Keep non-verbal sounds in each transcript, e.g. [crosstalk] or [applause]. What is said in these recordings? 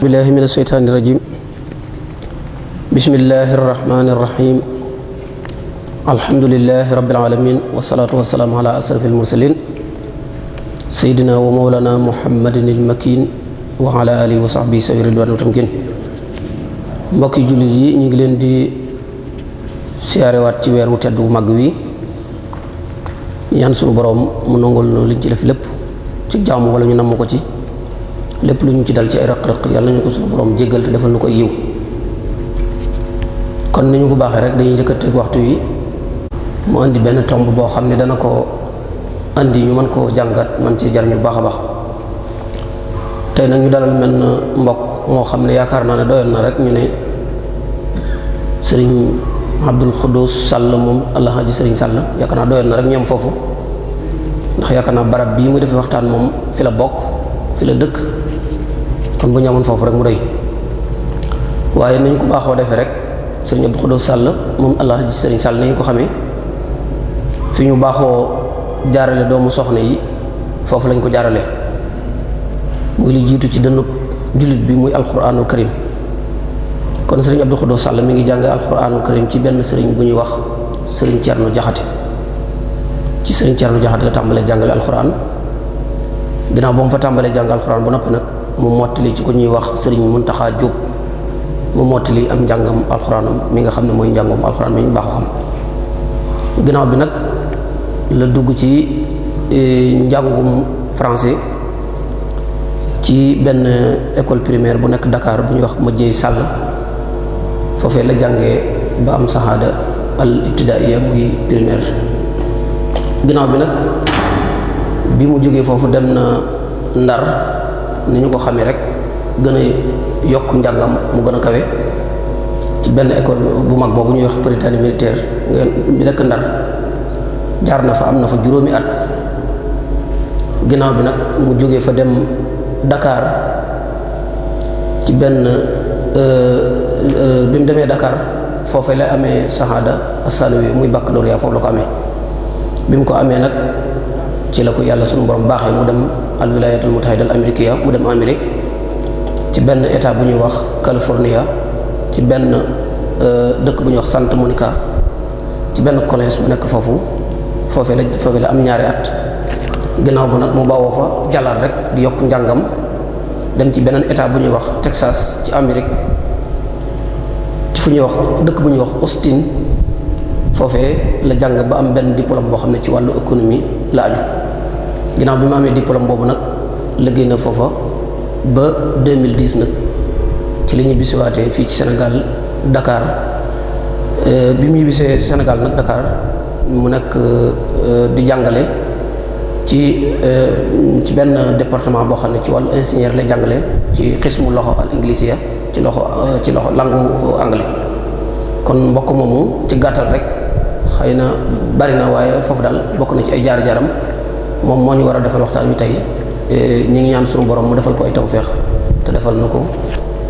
بالله من الشيطان الرجيم بسم الله الرحمن الرحيم الحمد لله رب العالمين والصلاة والسلام على أشرف المرسلين سيدنا ومولانا محمد المكين wa ala alihi wa sahbihi sawi ridwaan wa tamkin mbokki jullit yi ñu ngi leen di siyaarewaat ci weer wu tedd wu mag wi yan suñu boroom mu nangul nu liñ ci def lépp ci jaamu wala ñu namm ko ci lépp lu ñu ci dal ci ay rëq-rëq yàlla nañu ko suñu boroom jéggal te defal nu koy yiw kon ni ñu ko baaxee rek dañuy njëkkateeg waxtu yi mu indi benn tomb boo xam ne dana ko indi ñu mën koo jàngat man ci jar ñu baax a baax tey nag ñu dalal mel na mbokk moo xam ne yaakaar naa ne doyoon na rek ñu ne sëriñ Abdul Xuddus Sall moom alhaji sëriñ Sall yaakaar naa doyoon na rek foofu ndax yaakaar naa barab bii mu defee waxtaan moom fi la bokk fi la dëkk kon bu ñu foofu rek mu doy waaye nañ ko baaxoo defee rek sëriñ Abdul Xuddus Sall moom alhaji sëriñ Sall nañ ko xamee fi ñu baaxoo jaarale doomu soxna yi foofu lañ ko jaarale muy lu jiitu ci dënnu jullit bi muy alquranul karim kon sëriñ Abdou Khoudous Sall mi ngi jàng alquranul karim ci benn sëriñ bu ñuy wax sëriñ Thierno Jaxate ci sëriñ Thierno Jaxate la tàmbalee jàngale alquran ginnaaw ba mu fa tàmbalee jàng alquran bu noppi nag mu mottali ci ko ñuy wax sëriñ mun Muntaxa Jóob mu mottali am njàngam alxuraanam mi nga xam ne mooy njàngum alxuraan mi ñu baax xam ginnaaw bi nag la dugg ci eh, njàngum français ci benn école primaire bu nekk dakaar bu ñu wax ma jëy sàll foofee la jàngee ba am saxaada al ibtidaaiya muy primaire ginnaaw bi nag bi mu jógee foofu dem na Ndar ni ñu ko xamee rek gën a yokk njàngam mu gën a kawe ci benn école bu mag boobu ñuy wax Prytanée militaire bi nekk Ndar jaar na fa am na fa juróomi at ginnaaw bi nag mu jógee fa dem dakaar ci benn euh, euh, bi mu demee dakaar foofee la amee shahada as yi muy baccalauréat foofu la ko amee bi mu ko amee nag ci la ko yàlla sunu borom baaxee mu dem al wilayatul mutahida al américaine mu dem Amérique ci benn état bu ñuy wax California ci benn euh, dëkk bu ñuy wax Santa Monica ci benn collège bu nekk foofu foofee la foofee la am ñaari at gannaaw bu nag mu bawoo fa jàllal rek di yokk njàngam dem ci beneen état bu ñuy wax Texas ci Amérique ci fu ñu wax dëkk bu ñuy wax Austin foofee la jàng ba am benn diplôme boo xam ne ci wàllu économie la aju ginnaaw mu amee diplôme boobu nag liggéey na foofa ba 2010 nag ci li ñu fii ci senegal Dakar euh, bi muy bisee Sénégal nag Dakar mu nekk euh, di jàngale ci euh, ci benn département boo xam ne ci wàllu ingénieur lay jàngale ci xismu loxo al anglisia ci loxo euh, ci loxo langu anglais kon mbokk moomu ci gàttal rek xay na bari na waaye foofu daal bokk na ci ay jaar-jaaram moom moo ñu war a defal waxtaan wi tey euh, ñu ngi ñaan suñu borom mu defal ko ay tawféex te defal na ko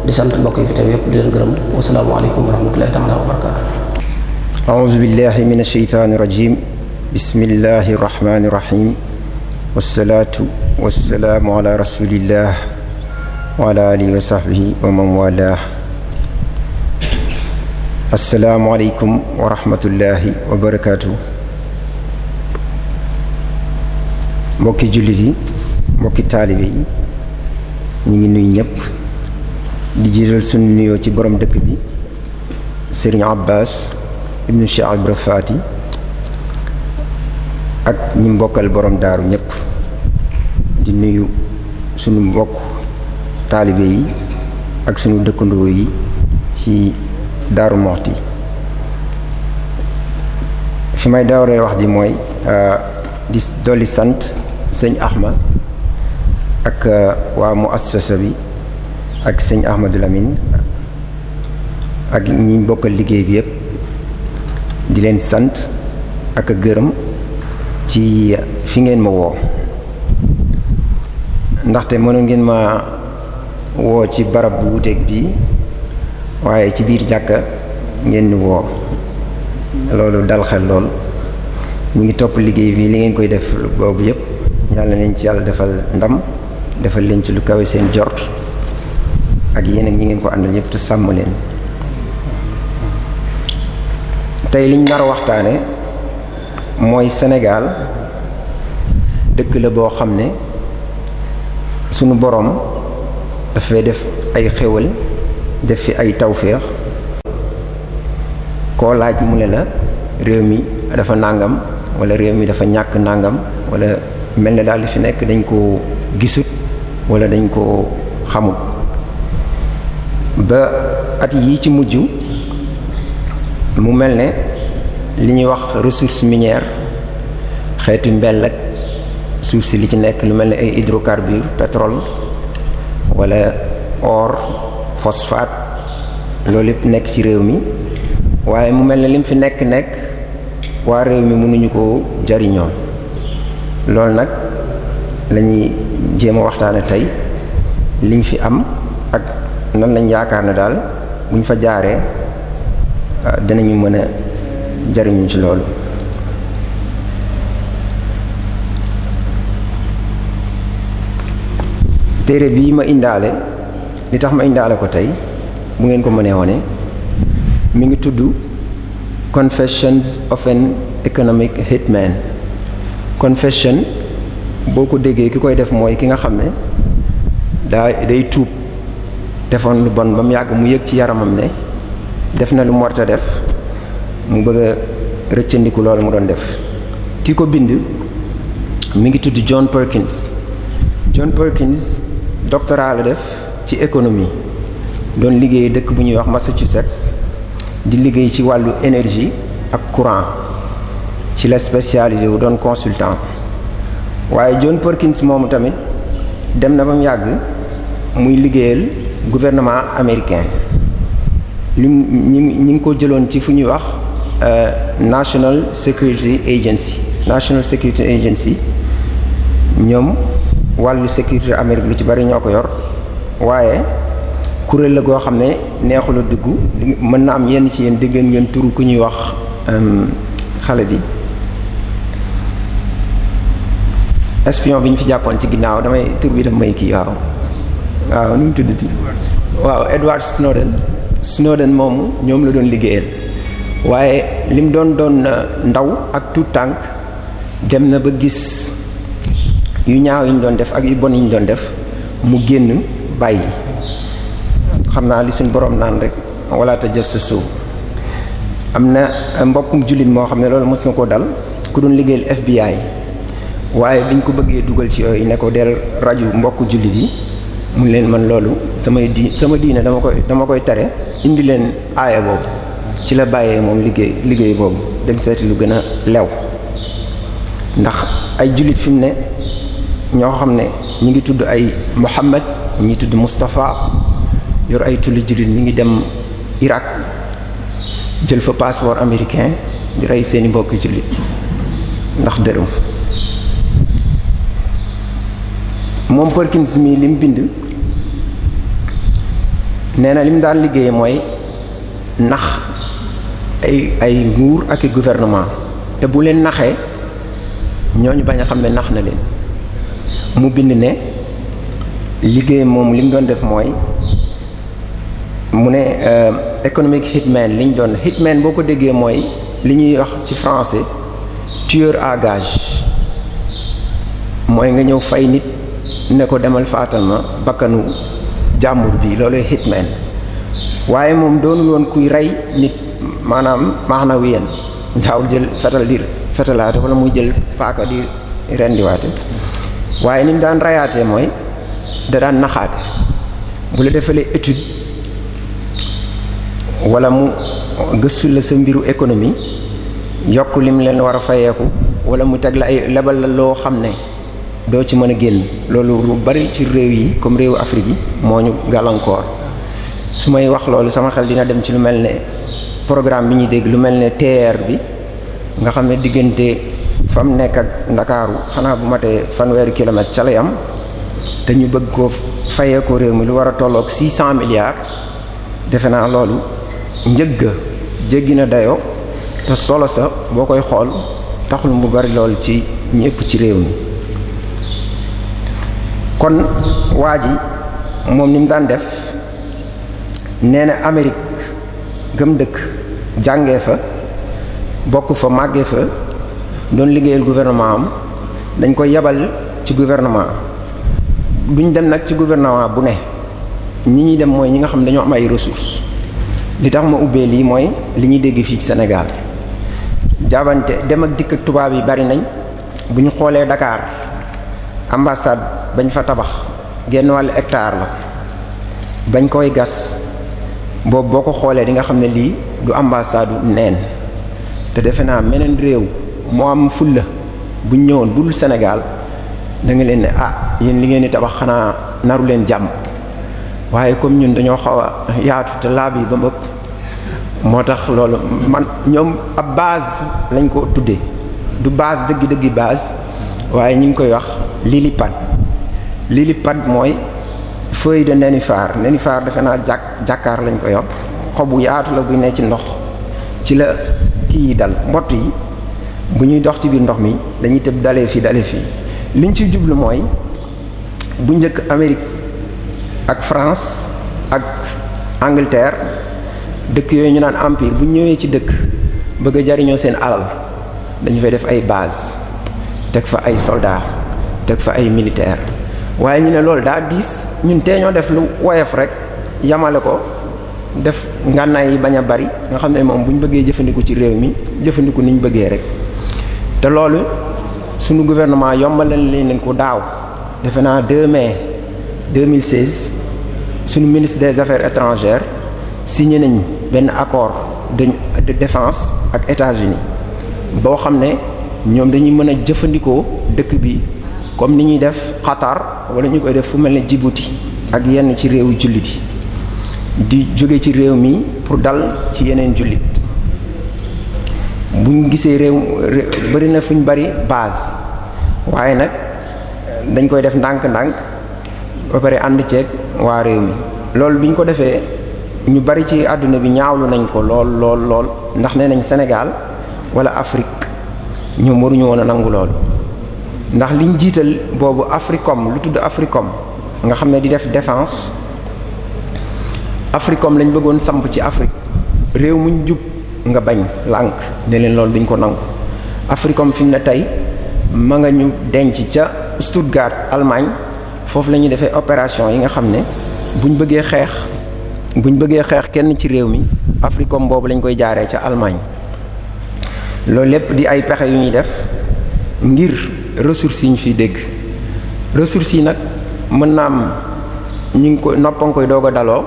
di sant mbokk yi fi teew yëpp di leen gërëm wasalaamualeykum wa rahmatullahi taala wa barakaatu aouzu billahi min asheytaani rajim bismillahi rahmaani wasalaatu wasalaamu ala rasulillah wa ala alihi wa sahbihi wa man wala asalaamu aleykum wa rahmatullahi wa barakaatu mbokki jullit yi mbokki taalibe yi ñu ngi nuyu ñëpp di jiital sunu nuyoo ci borom dëkk bi sëriñ abbas ibnu cheikh ibra faati ak ñi mbokkal borom daaru ñëpp di nuyu sunu mbokk taalibe yi ak suñu dëkkandoo yi ci daaru moxti fi may daawaree wax di mooy euh, di dolli sant sëñ Ahmad ak euh, waa muassasa bi ak sëñ Ahmadu Lamine ak ñi mbokkal liggéey bi yëpp di leen sant ak a gërëm ci fi ngeen ma woo ndaxte mënu ngeen ma woo ci barab bu wuteeg bii waaye ci biir jàkka ngeen ni woo loolu dal xel lool ñu ngi topp liggéey bi li ngeen koy def boobu yépp yàlla nañ ci yàlla defal ndam defal leen ci lu kawe seen jort ak yeneen ñi ngeen ko àndal yépp te sàmm leen tey liñ nar waxtaane mooy senegaal dëkk la boo xam ne sunu boroom dafay def ay xéwal def fi ay tawféex koo laaj mu ne la réew mi dafa nàngam wala réew mi dafa ñàkk nàngam walla mel ne daal li fi nekk dañ koo gisut walla dañ koo xamut ba at yi ci mujj mu mel ne li ñuy wax ressource minière xeetu mbell ak suuf si li ci nekk lu mel ne ay hydrocarbures pétrole walla or phosphate loolu yépp nekk ci réew mi waaye mu mel ne lim fi nekk nekk waa réew mi mënuñu ko jariñoo loolu nag lañuy jéem a waxtaane tey liñ fi am ak nan lañ yaakaar ne daal buñ fa jaaree ah, dinañu mën a jariñu ci loolu téere bii ma indaale li tax ma indaale ko tey bu ngeen ko mënee wane mu ngi tudd confessions of an economic hitman confession boo ko déggee ki koy def mooy ki nga xam ne daa day tuub defoon lu bon ba mu yàgg mu yëg ci yaramam ne def na lu mu warta def mu bëgg rëccandiku loolu mu doon def ki ko bind mi ngi tudd John Perkins John Perkins doctorat def ci économie doon liggéey dëkk bu ñuy wax Massachusetts di liggéey ci wàllu énergie ak courant ci la spécialisé wu doon consultant waaye John Perkins moomu tamit dem na ba mu yàgg muy liggéeyal gouvernement américain lu ñi ñi ngi ko jëloon ci fu ñuy wax Euh, National Security Agency National Security Agency ñoom wàllu sécurité Amérique lu ci bari ñoo ko yor waaye kuréel la goo xam ne neexul a dugg mën na am yenn ci yéen dégg ngeen turu ku ñuy wax euh, xale bi espion bi ñu fi jàppoon ci ginnaaw damay tur bi daf may kii waaw waaw nu mu tuddati waaw Edward Snowden Snowden moomu ñoom la doon liggéeyal. waaye lim doon doon na euh, ndaw ak tout tànk dem na ba gis yu ñaaw yi doon def ak yu bon yi doon def mu génn bàyyi xam naa li suñ boroom naan rek sa tajassasu am na euh, mbokkum jullit moo xam ne loolu mës na ko dal ku doon liggéeyal FBI waaye biñ ko bëggee dugal ci yooyu ne ko del raju mbokku jullit yi mu leen man loolu samay di sama diine dama koy dama koy tere indi leen aaya boobu ci la bàyyee moom liggéey liggéey boobu dem seeti lu gën a lew ndax ay jullit fi ne ñoo xam ne ñu ngi tudd ay Muhammad ñi tudd Moustapha yor ay tulli jullit ñi ngi dem Irak jël fa passeport américain di rey seeni mbokki jullit ndax dërëm moom Perkins mi lim bind nee na lim daan liggéey mooy nax ay ay nguur ak i te bu leen naxee ñoo ñu bañ a xam ne nax na leen mu bind ne liggéey moom li mu doon def mooy mu ne economic euh, hitman li ñu doon hitman boo ko déggee mooy li ñuy wax ci français tueur à gage mooy nga ñëw fay nit ne ko demal faatal ma bakkanu jàmbur bi loolooy hitman waaye moom doonul kuy rey nit maanaam maanawiyan daawul jël fetal di fetalaate wala muy jël paaka di rendiwaate waaye ni mu daan rayaatee mooy da daan naxaate bu la defalee étude wala mu gëstu sa mbiru économie yokk limu leen war a fayeeku wala mu teg la ay lebal la loo xam ne doo ci mën a génne loolu lu bari ci réew yi comme réewu Afrique yi moo ñu gàllankoor su may wax loolu sama xel dina dem ci lu mel ne programme bi ñuy dégg lu mel ne TER bi nga xam ne diggante fa nekk ak ndakaaru xanaa bu matee fanweeri kilomètre ca lay am te ñu bëgg ko fayee ko réew mi lu war a tolloog 600 milliards defe naa loolu njëgg jéggi na dayoo te solo sa boo koy xool taxul mu bari lool ci ñépp ci réew mi kon waa ji moom ni mu daan def nee na Amérique gëm dëkk jàngee fa bokk fa màggee fa doon liggéeyal gouvernement am dañ koy yebal ci gouvernement duñ dem nag ci gouvernement bu ne ñi ñuy dem mooy ñi nga xam ne dañoo am ay ressources li tax ma ubbee lii mooy li ñuy dégg fii ci Sénégal jaabante dem ak dikk tubaab yi bari nañ bu ñu xoolee Dakar ambassade bañ fa tabax genn wàll hectare la bañ koy gas boobu boo ko xoolee di nga xam ne lii du ambassade neen te defe naa meneen réew moo am fulla bu ñëwoon budul Sénégal da nga leen ne ah yéen li ngeen di tabax xanaa naru leen jàmm waaye comme ñun dañoo xaw a yaatu te laab yi ba mu ëpp moo tax loolu man ñoom ab base lañ ko tudde du baas dëgg-dëgg base waaye ñu ngi koy wax lilipad lilipad mooy feuille de nénuphar nénuphar defe naa jàkk jàkkaar lañ ko wax xobu yaatu la buy ne ci ndox ci la kii yi dal mbott yi bu ñuy dox ci biir ndox mi dañuy tëb dalee fii dalee fii liñ ci jublu mooy bu njëkk Amérique ak France ak Angleterre dëkk yooyu ñu naan empire bu ñëwee ci dëkk bëgg jariñoo seen alal dañu fay def ay baas teg fa ay soldats teg fa ay militaires waaye ñu ne loolu daa diis ñun tee ñoo def lu woyof rek yamale ko def ngànnaay yi bañ a bari nga xam ne moom bu ñu bëggee jëfandikoo ci réew mi jëfandikoo ni ñu bëggee rek te loolu sunu gouvernement yombalal nañ ko daaw defe naa 2 mai 2016 sunu ministre des affaires étrangères signé nañ benn accord de de défense ak États-Unis boo xam ne ñoom dañuy mën a jëfandikoo dëkk bi comme ni ñuy def xatar wala ñu koy def fu mel ne Djibouti ak yenn ci réewu jullit yi di jóge ci réew mi pour dal ci yeneen jullit buñ gisee réew bëri na fuñ bari base waaye nag dañ koy def ndànk-ndànk ba ànd ceeg waa réew mi loolu biñ ko defee ñu bari ci àdduna bi ñaawlu nañ ko lool lool ndax nee nañ Sénégal wala Afrique ñoom waruñu woon a nangu loolu ndax liñ jiital boobu Africom lu tudd Africom nga xam ne di def défense Africom lañ bëggoon samp ci Afrique réew muñ jub nga bañ lànk ne leen loolu duñ ko nangu Africom fi mu ne tey ma nga ñu denc ca Stuttgart Allemagne foofu la defee opération yi nga xam ne buñ bëggee xeex buñ bëggee xeex kenn ci réew mi Africom boobu lañ koy jaaree ca Allemagne loolu lépp di ay pexe yu ñuy def ngir ressources yi ñu fiy dégg ressources yi nag mën naa ñu ngi ko noppa koy doog a daloo.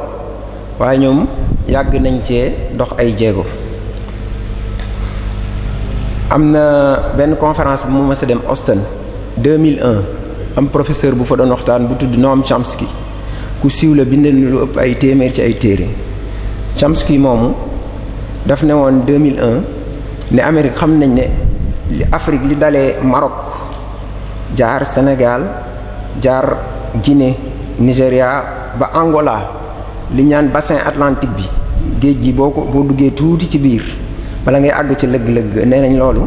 waaye ñoom yàgg nañ cee dox ay jéego am na benn conférence bu mu mësa dem Austin 2001 am professeur bu fa doon bu tudd Noam Chomsky ku siiw la bind lu ëpp ay téeméer ci ay téere Chomsky moomu daf ne woon 2001 ne Amérique xam nañ ne li Afrique li dalee Maroc jaar Sénégal jaar Guinée Nigéria ba Angola li ñaan bassin atlantique bi géej gi boo ko boo duggee tuuti ci biir bala ngay àgg ci lëg lëgg nee nañ loolu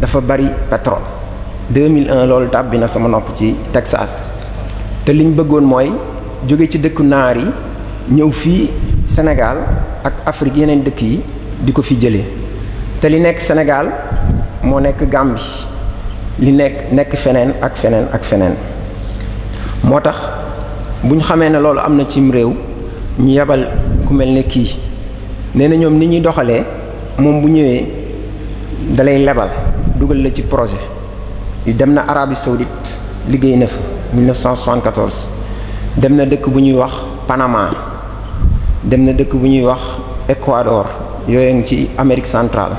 dafa bari pétrole 2001 loolu tàbbi na sama nopp ci Texas te liñ bëggoon mooy jóge ci dëkku naar yi ñëw fii Sénégal ak Afrique yeneen dëkk yi di ko fi jëlee te li nekk Sénégal moo nekk Gambie li nekk nekk feneen ak feneen ak feneen moo tax bu ñu xamee ne loolu am na cim réew ñu yabal ku mel ne kii nee na ñoom ni ñuy doxalee moom bu ñëwee dalay lebal dugal la ci projet dem na Arabie saoudite liggéey na fa 1974 dem na dëkk bu ñuy wax Panama dem na dëkk bu ñuy wax Ecuador yooyu ngi ci Amérique centrale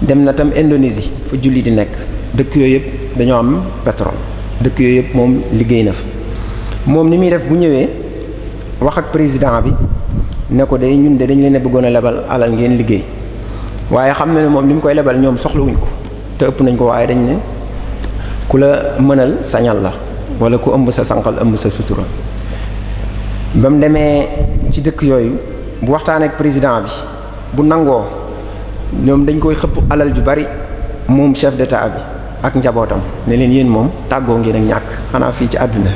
dem na tam Indonésie fa julli di nekk dëkk yooyu yëpp dañoo am pétrole dëkk yooyu yëpp moom liggéey na fa moom ni muy def bu ñëwee. wax ak président bi ne ko day ñun de dañu leen a bëggoon a lebal alal ngeen liggéey waaye xam na ne moom li mu koy lebal ñoom soxlawuñ ko te ëpp nañ ko waaye dañu ne ku la mënal sañal la wala ku ëmb sa sànqal ëmb sa sutura ba mu demee ci dëkk yooyu bu waxtaan ak président bi bu nangoo ñoom dañ koy xëpp alal ju bari moom chef de bi ak njabootam ne leen yéen moom tàggoo ngeen ak ñàkk xanaa fii ci àddina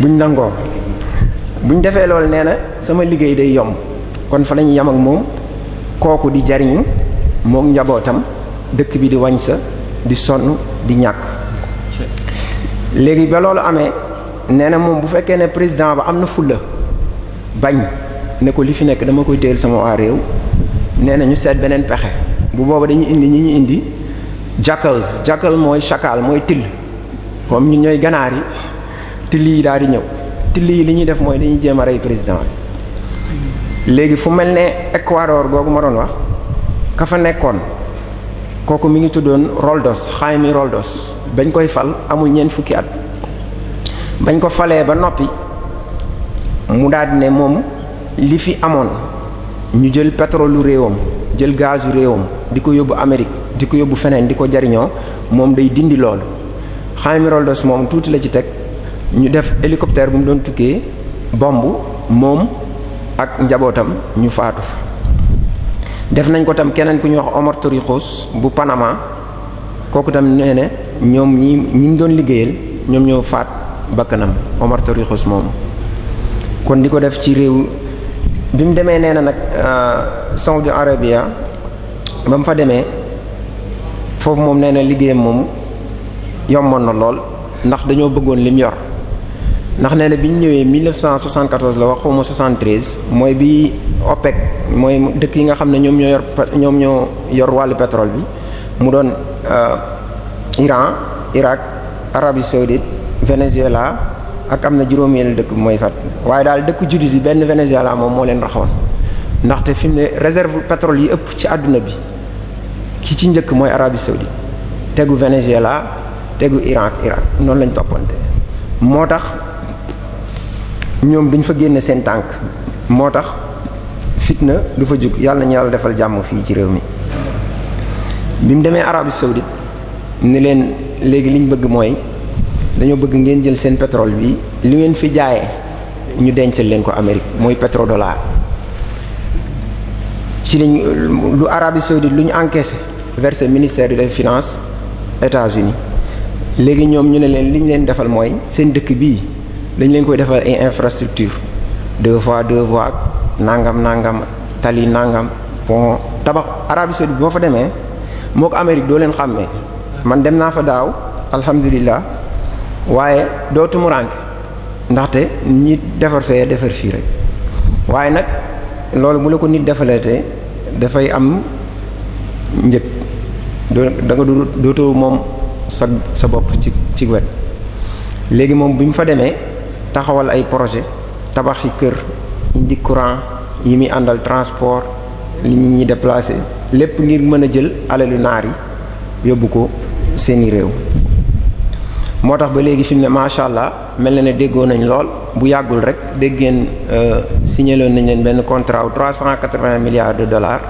[laughs] buñ nangoo bu ñu defee loolu nee na sama liggéey day yomb kon fa la ñu yem ak moom kooku di jariñu mook njabootam dëkk bi di wañ sa di sonn di ñàkk léegi ba loolu amee nee na moom bu fekkee ne président ba am na fulla bañ ne ko li fi nekk dama koy téyel sama waa réew nee na ñu seet beneen pexe bu booba dañu indi ñi ñu indi jackals jackal mooy chacal mooy till comme ñu ñooy ganaar yi till yi daal di ñëw till yi li ñuy def mooy dañuy jéem a rey président léegi fu mel ne Ecuador googu ma doon wax ka fa nekkoon kooku mu ngi tuddoon Roldos Jaime Roldos bañ koy fal amul ñeent fukki at bañ ko falee ba noppi mu daldi ne moom li fi amoon ñu jël pétrole réewam jël gazu réewam di ko yóbbu Amérique di ko yóbbu feneen di ko jariñoo moom day dindi loolu Jaime Roldos moom tuuti la ci teg ñu def hélicoptère bi mu doon tukkee bomb moom ak njabootam ñu faatu fa def nañ ko tam keneen ku ñuy wax Omar Torrijos bu Panama kooku tam nee ne ñoom ñi ñi mu doon liggéeyal ñoom ñoo faat bakkanam Omar Torrijos moomu kon di ko def ci réew bi mu demee nee na nag euh, Saudi Arabia ba mu fa demee foofu moom nee na liggéeyam moom yomboon na lool ndax dañoo bëggoon lim yor ndax nee na bi ñu ñëwee 1974 la wax xaw ma 73 mooy bi OPEC mooy dëkk yi nga xam ne ñoom ñoo yor ñoom ñoo yor wàllu pétrole bi mu doon euh, Iran Irak Arabie Saoudite Venezuela ak am na juróom juróomeel dëkk mooy fat waaye daal dëkk juddu di benn Venezuela moom moo leen raxoon ndaxte fi mu ne réserve pétrole yi ëpp ci àdduna bi ki ci njëkk mooy Arabie Saoudite tegu Venezuela tegu Iran ak Irak noonu lañu toppante moo tax. ñoom duñ fa génn seen tànk moo tax fitna du fa jug yàlla ñu yàlla defal jàmm fii ci réew mi bi mu demee Arabie saoudite ni leen léegi liñ bëgg mooy dañoo bëgg ngeen jël seen pétrole bi li ngeen fi jaayee ñu dencal leen ko Amérique mooy pétrodollar ci lañ lu Arabie saoudite lu ñu encaissé verse ministère des finance états uni léegi ñoom ñu ne leen li ñu leen defal mooy seen dëkk bii dañ leen koy defal ay infrastructure deux voies deux voies nangam nangam tali nangam pont tabax Arabie saoudite boo fa demee moo ko Amérique doo leen xàmmee man dem naa fa daaw alhamdulillah waaye doo tumuraanke ndaxte ñi defar fee defar fii rek waaye nag loolu bu la ko nit defalatee dafay am njëg doo da nga dootoo moom sa sa bopp ci ci wet léegi moom bi mu fa demee taxawal ay projet tabaxi kër indi courant yi muy àndal transport li ñu ñuy déplacer lépp ngir mën a jël alalu naar yi yóbbu ko seeni réew moo tax ba léegi fi ne macha allah mel na ne déggoo nañ lool bu yàggul rek dégg ngeen euh, signaloon nañ leen benn contrat wu cent quatre-vingts milliards de dollars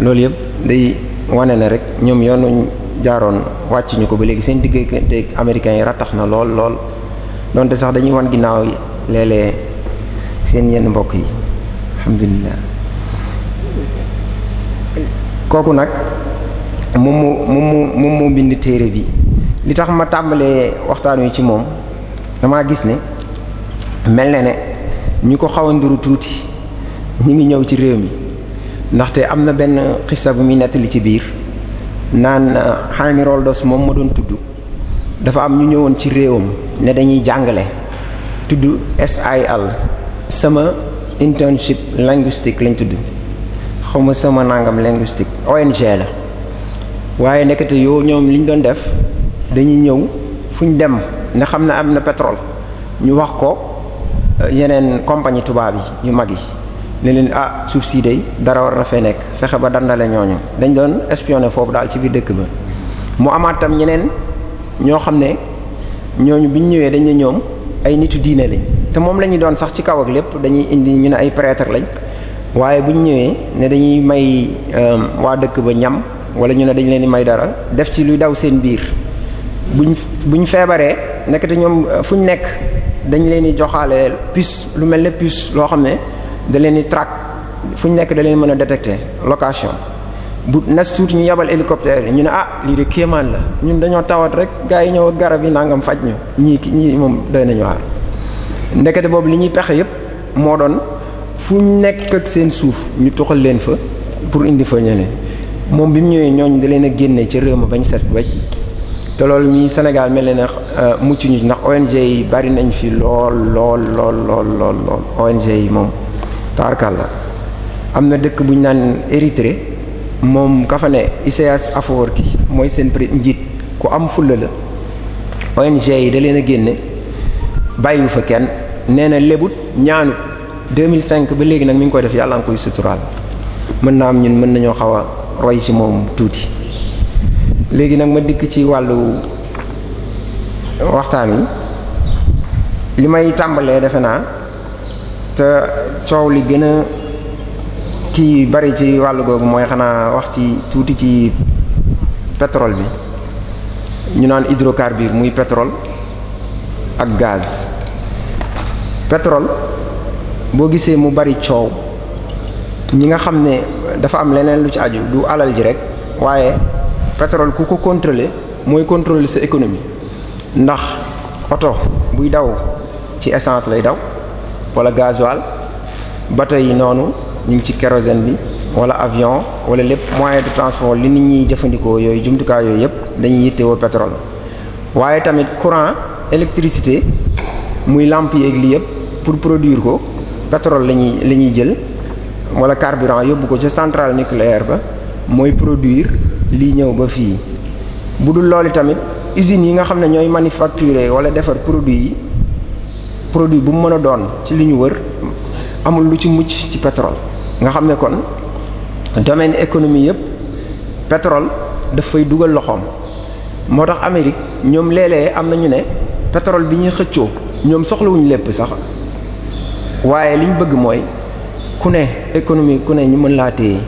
loolu yëpp day wane ne rek ñoom yoonu jaaroon wàcc ñu ko ba léegi seen diggante américains yi rattax na lool lool. donte sax dañuy wan ginnaaw yi seen yenn mbokk yi alhamdulilah kooku nag moom moo moom moom moo bind téere bi li tax ma tàmbalee waxtaan wi ci moom damaa gis ne mel na ne ñu ko xaw a nduru tuuti ñu ngi ñëw ci réew mi ndaxte am na benn xissa bu muy nettali ci biir naan uh, Jaime Roldos moom ma doon tudd dafa am ñu ñëwoon ci réewam ne dañuy jàngale tudd SIL sama internship linguistique lañ tudd xawma sama nangam linguistique ONG la waaye nekkate yoo ñoom li ñu doon def dañuy ñëw fu ñu dem ne xam ne am na petrol ñu wax ko euh, yeneen compagnie tubaab yi yu mag yi ne leen ah suuf sii day dara war a fee nekk fexe ba dandale ñooñu dañ doon espionné foofu daal ci biir dëkk ba mu amaat ñeneen ñoo xam ne ñooñu bi ñu ñëwee dañ ne ñoom ay nitu diine lañ te moom la ñu doon sax ci kaw ak lépp dañuy indi ñu ne ay prêtre lañ waaye bu ñu ñëwee ne dañuy may euh, waa dëkk ba ñam wala ñu ne dañ leen di may dara def ci luy daw seen biir buñ buñ feebaree nekkte ñoom euh, fu ñu nekk dañ leen di joxaale puce lu mel ne puce loo xam ne da leen di track fu ñu nekk da leen mën a détecter location bu nas tuuti ñu yabal hélicoptère yi ñu ne ah lii de kéemaan la ñun dañoo tawat rek gaa yi ñëw garab yi nangam faj ñu ñii ñii moom doy nañu waar ndekete boobu li ñuy pexe yépp moo doon fu nekk ak seen suuf ñu tuxal leen fa pour indi fa ñeneen moom bi mu ñëwee ñooñ da leen a génne ci réew ma bañ set wecc te lool mii senegal mel na ne euh, mucc ñu ndax ONG yi bari nañ fi lool lool lool lool lool lool ONG yi moom taarkal la am na dëkk bu ñu naan Érythrée moom ka fa ne ICS Afeworki mooy seen pré njiit ku am fulla la ONG yi da leen a génne bàyyiwu fa kenn nee na lebut ñaanut 2005 ba léegi nag mi ngi koy def yàlla nga koy suturaal mën naa am ñun mën nañoo xaw a roy ci moom tuuti léegi nag ma dikk ci wàllu waxtaan wi li may tàmbalee defe naa te coow li gën a kii bari ci wàll googu mooy xanaa wax ci tuuti ci pétrole bi ñu naan hydrocarbure muy pétrole ak gaz pétrole boo gisee mu bari coow ñi nga xam ne dafa am leneen lu ci aju du alal ji rek waaye pétrole ku ko contrôler mooy contrôler sa économie ndax oto buy daw ci essence lay daw wala gasoil ba tey noonu ñu ngi ci kérosène bi wala avion wala lépp moyen de transport li nit ñi jëfandikoo yooyu jumtukaay yooyu yëpp dañuy yittewoo pétrole waaye tamit courant électricité muy lampe yeeg li yëpp pour produire ko pétrole lañuy la ñuy jël wala carburant yóbbu ko ca central nucléaire ba mooy produire li ñëw ba fii bu dul loolu tamit usines yi nga xam ne ñooy manufacturer wala defar produit yi produit bu mu mën a doon ci li ñu wër amul lu ci mucc ci pétrole nga xam ne kon domaine économie yëpp pétrole daf fay dugal loxoom moo tax Amérique ñoom léeg am na ñu ne pétrole bi ñuy xëccoo ñoom soxlawuñu lépp sax waaye li bëgg mooy ku ne économie ku ne ñu mën laa téye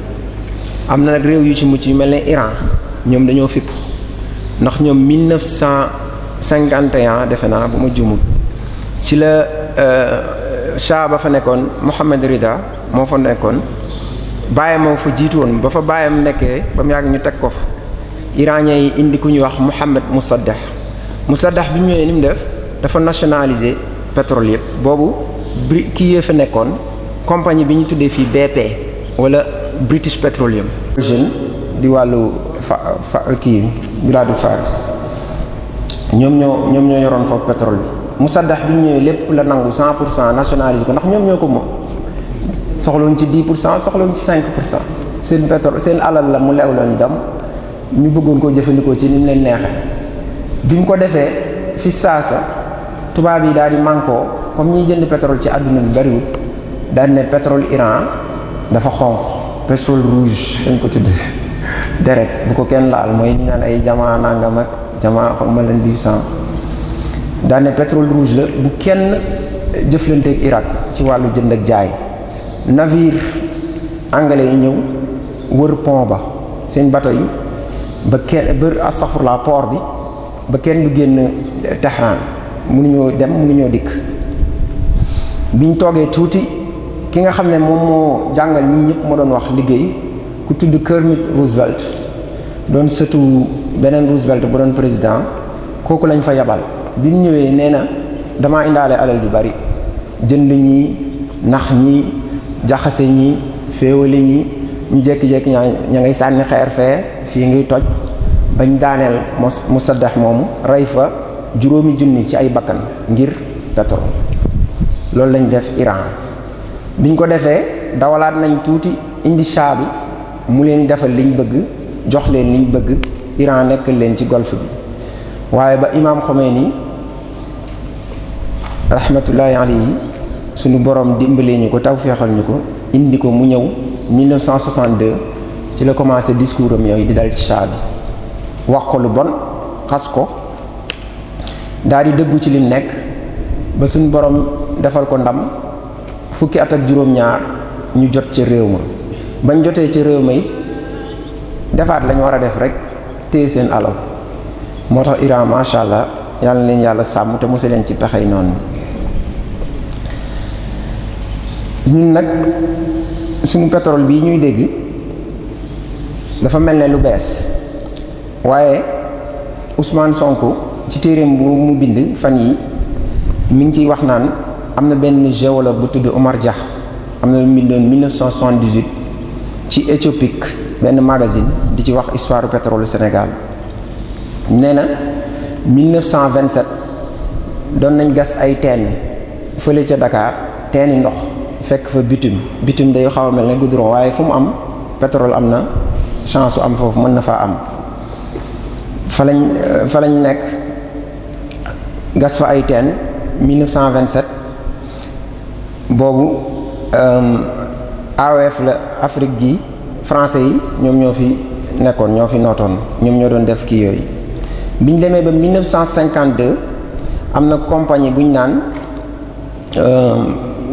am na nag réew yu ci mucc yu mel ne Iran ñoom dañoo fipp ndax ñoom 1951 defe naa bu ma jumul ci la euh, Shah ba fa nekkoon Mohammed Rida moo fa nekkoon bàyyam moo fa jiitu woon ba fa bàyyam nekkee ba mu yàgg ñu teg ko fa iranien yi indi ku ñuy wax Mohammed Musaddah Musaddah bi ñu ñëwee ni mu def dafa nationaliser pétrole yëpp boobu bri kii yee fa nekkoon compagnie bi ñu tuddee fii BP wala British Petroleum. jeune di wàllu fa fa kii biladu Faris ñoom ñoo ñoom ñoo yoroon foofu pétrole bi Musaddah bi mu ñëwee lépp la nangu 100 pour cent nationaliser ko ndax ñoom ñoo ko moom. soxlawuñ ci 10 pour cent soxlawuñ ci seen pétrole seen alal la mu lew leen dem ñu bëggoon koo jëfandikoo ci ni mu leen neexee bi ñu ko defee fi saasa tubaab yi daal di mànkoo comme ñiy jënd pétrole ci àdduna bi bariwul daal ne pétrole Iran dafa xonq pétrole rouge lañ ko tudd deret bu ko kenn laal mooy ni naan ay jamaa nangam ak jamaa xaw ma leen du sang daal ne pétrole rouge la bu kenn jëflanteeg Irak ci wàllu jënd ak jaay. navire anglais yi ñëw wër pont ba seen bato yi ba kenn bër bi ba kenn du génn Tehran mënuñoo dem mënuñoo dikk biñ toogee tuuti ki nga xam ne moom moo jàngal ñi ñëpp moo doon wax liggéey ku tudd Kermit Roosevelt doon sëtu beneen Roosevelt bu doon président kooku lañu fa yabal bi mu ñëwee nee na damaa indaale alal ju bari jënd ñi nax ñi jaxase ñi féewale ñi ñu jékki-jékki ñaa ña ngay sànni xeer fee fii ngay toj bañ daaneel mos musaddax moomu rey fa juróomi junni ci ay bakkan ngir pétrole loolu lañ def Iran biñ ko defee dawalaat nañ tuuti indi Shah mu leen defal liñ bëgg jox leen liñ bëgg Iran nekkal leen ci golfe bi waaye ba imaam Khomeini rahmatullahi alayhi suñu borom dimbalee ñu ko taw feexal ñu ko indi ko mu ñëw 1962 ci la commencé discours am yooyu di dal ci chat bi wax ko lu bon xas ko daal di dëggu ci lim nekk ba suñu boroom defal ko ndam fukki at ak juróom-ñaar ñu jot ci réew ma bañ jotee ci réew ma yi defaat lañ war a def rek téye seen alal moo tax Iran macha allah yàlla leen yàlla sàmm te mose leen ci pexey noonu. ñun nag suñu pétrole bii ñuy dégg dafa mel ne lu bees waaye Ousmane Sonko ci téereem bu mu bind fan yi mi ngi ciy wax naan am na benn géologue bu tudd Omar Dia am na lu mu ci Éthiopique benn magazine di ci wax histoire pétrole senegaal nee na 1927 doon nañ gas ay teen fële ca Dakar teeni ndox fekk fa bitume bitume day xaw a mel ne goudron waaye fu mu am pétrole am na chance su am foofu mën na faa am fa lañ euh, fa lañ nekk gas fa ay teen 1927 boobu euh, AOF la Afrique gi français yi ñoom ñoo fi nekkoon ñoo fi nootoon ñoom ñoo doon def kii yooyu biñ demee ba am na compagnie buñ naan. Euh,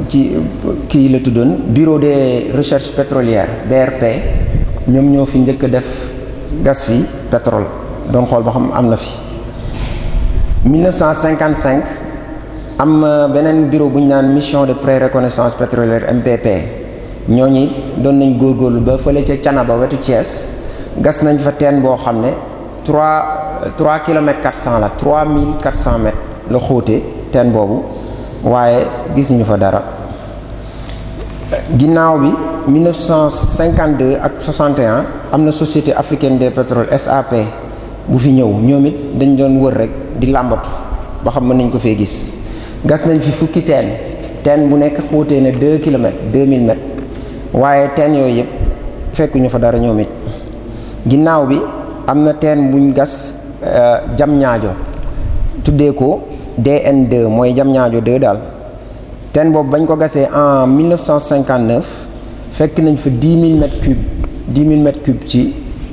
ci kii la tuddoon bureau des recherches pétrolière BRP ñoom ñoo fi njëkk def gas fi pétrole doon xool ba xam am na fi 1955 am beneen bureau bu ñu naan mission de pré-reconnaissance pétrolière MPP ñi doon nañ góorgóorlu ba fële ca Canaba wetu Thiès gas nañ fa teen boo xam ne 3 3 kilomètres 400 la 3400 mètres la xóote teen boobu waaye gisuñu fa dara ginnaaw bi 1952 ak 61 am na société africaine des pétroles SAP bu fi ñëw ñoom it dañ doon wër rek di làmbatu ba xam mën nañ ko fee gis gas nañ fi fukki teen teen bu nekk xóotee ne 2 kilomètres 2000 mètres waaye teen yooyu yëpp fekkuñu fa dara ñoom ginnaaw bi am na teen buñ gas euh, jam ñaajo tuddee ko DN2 mooy Diamniadio 2 daal teen boobu bañ ko gasee en 1959 fekk nañ fa 10 000 mètres cubes 10 000 ci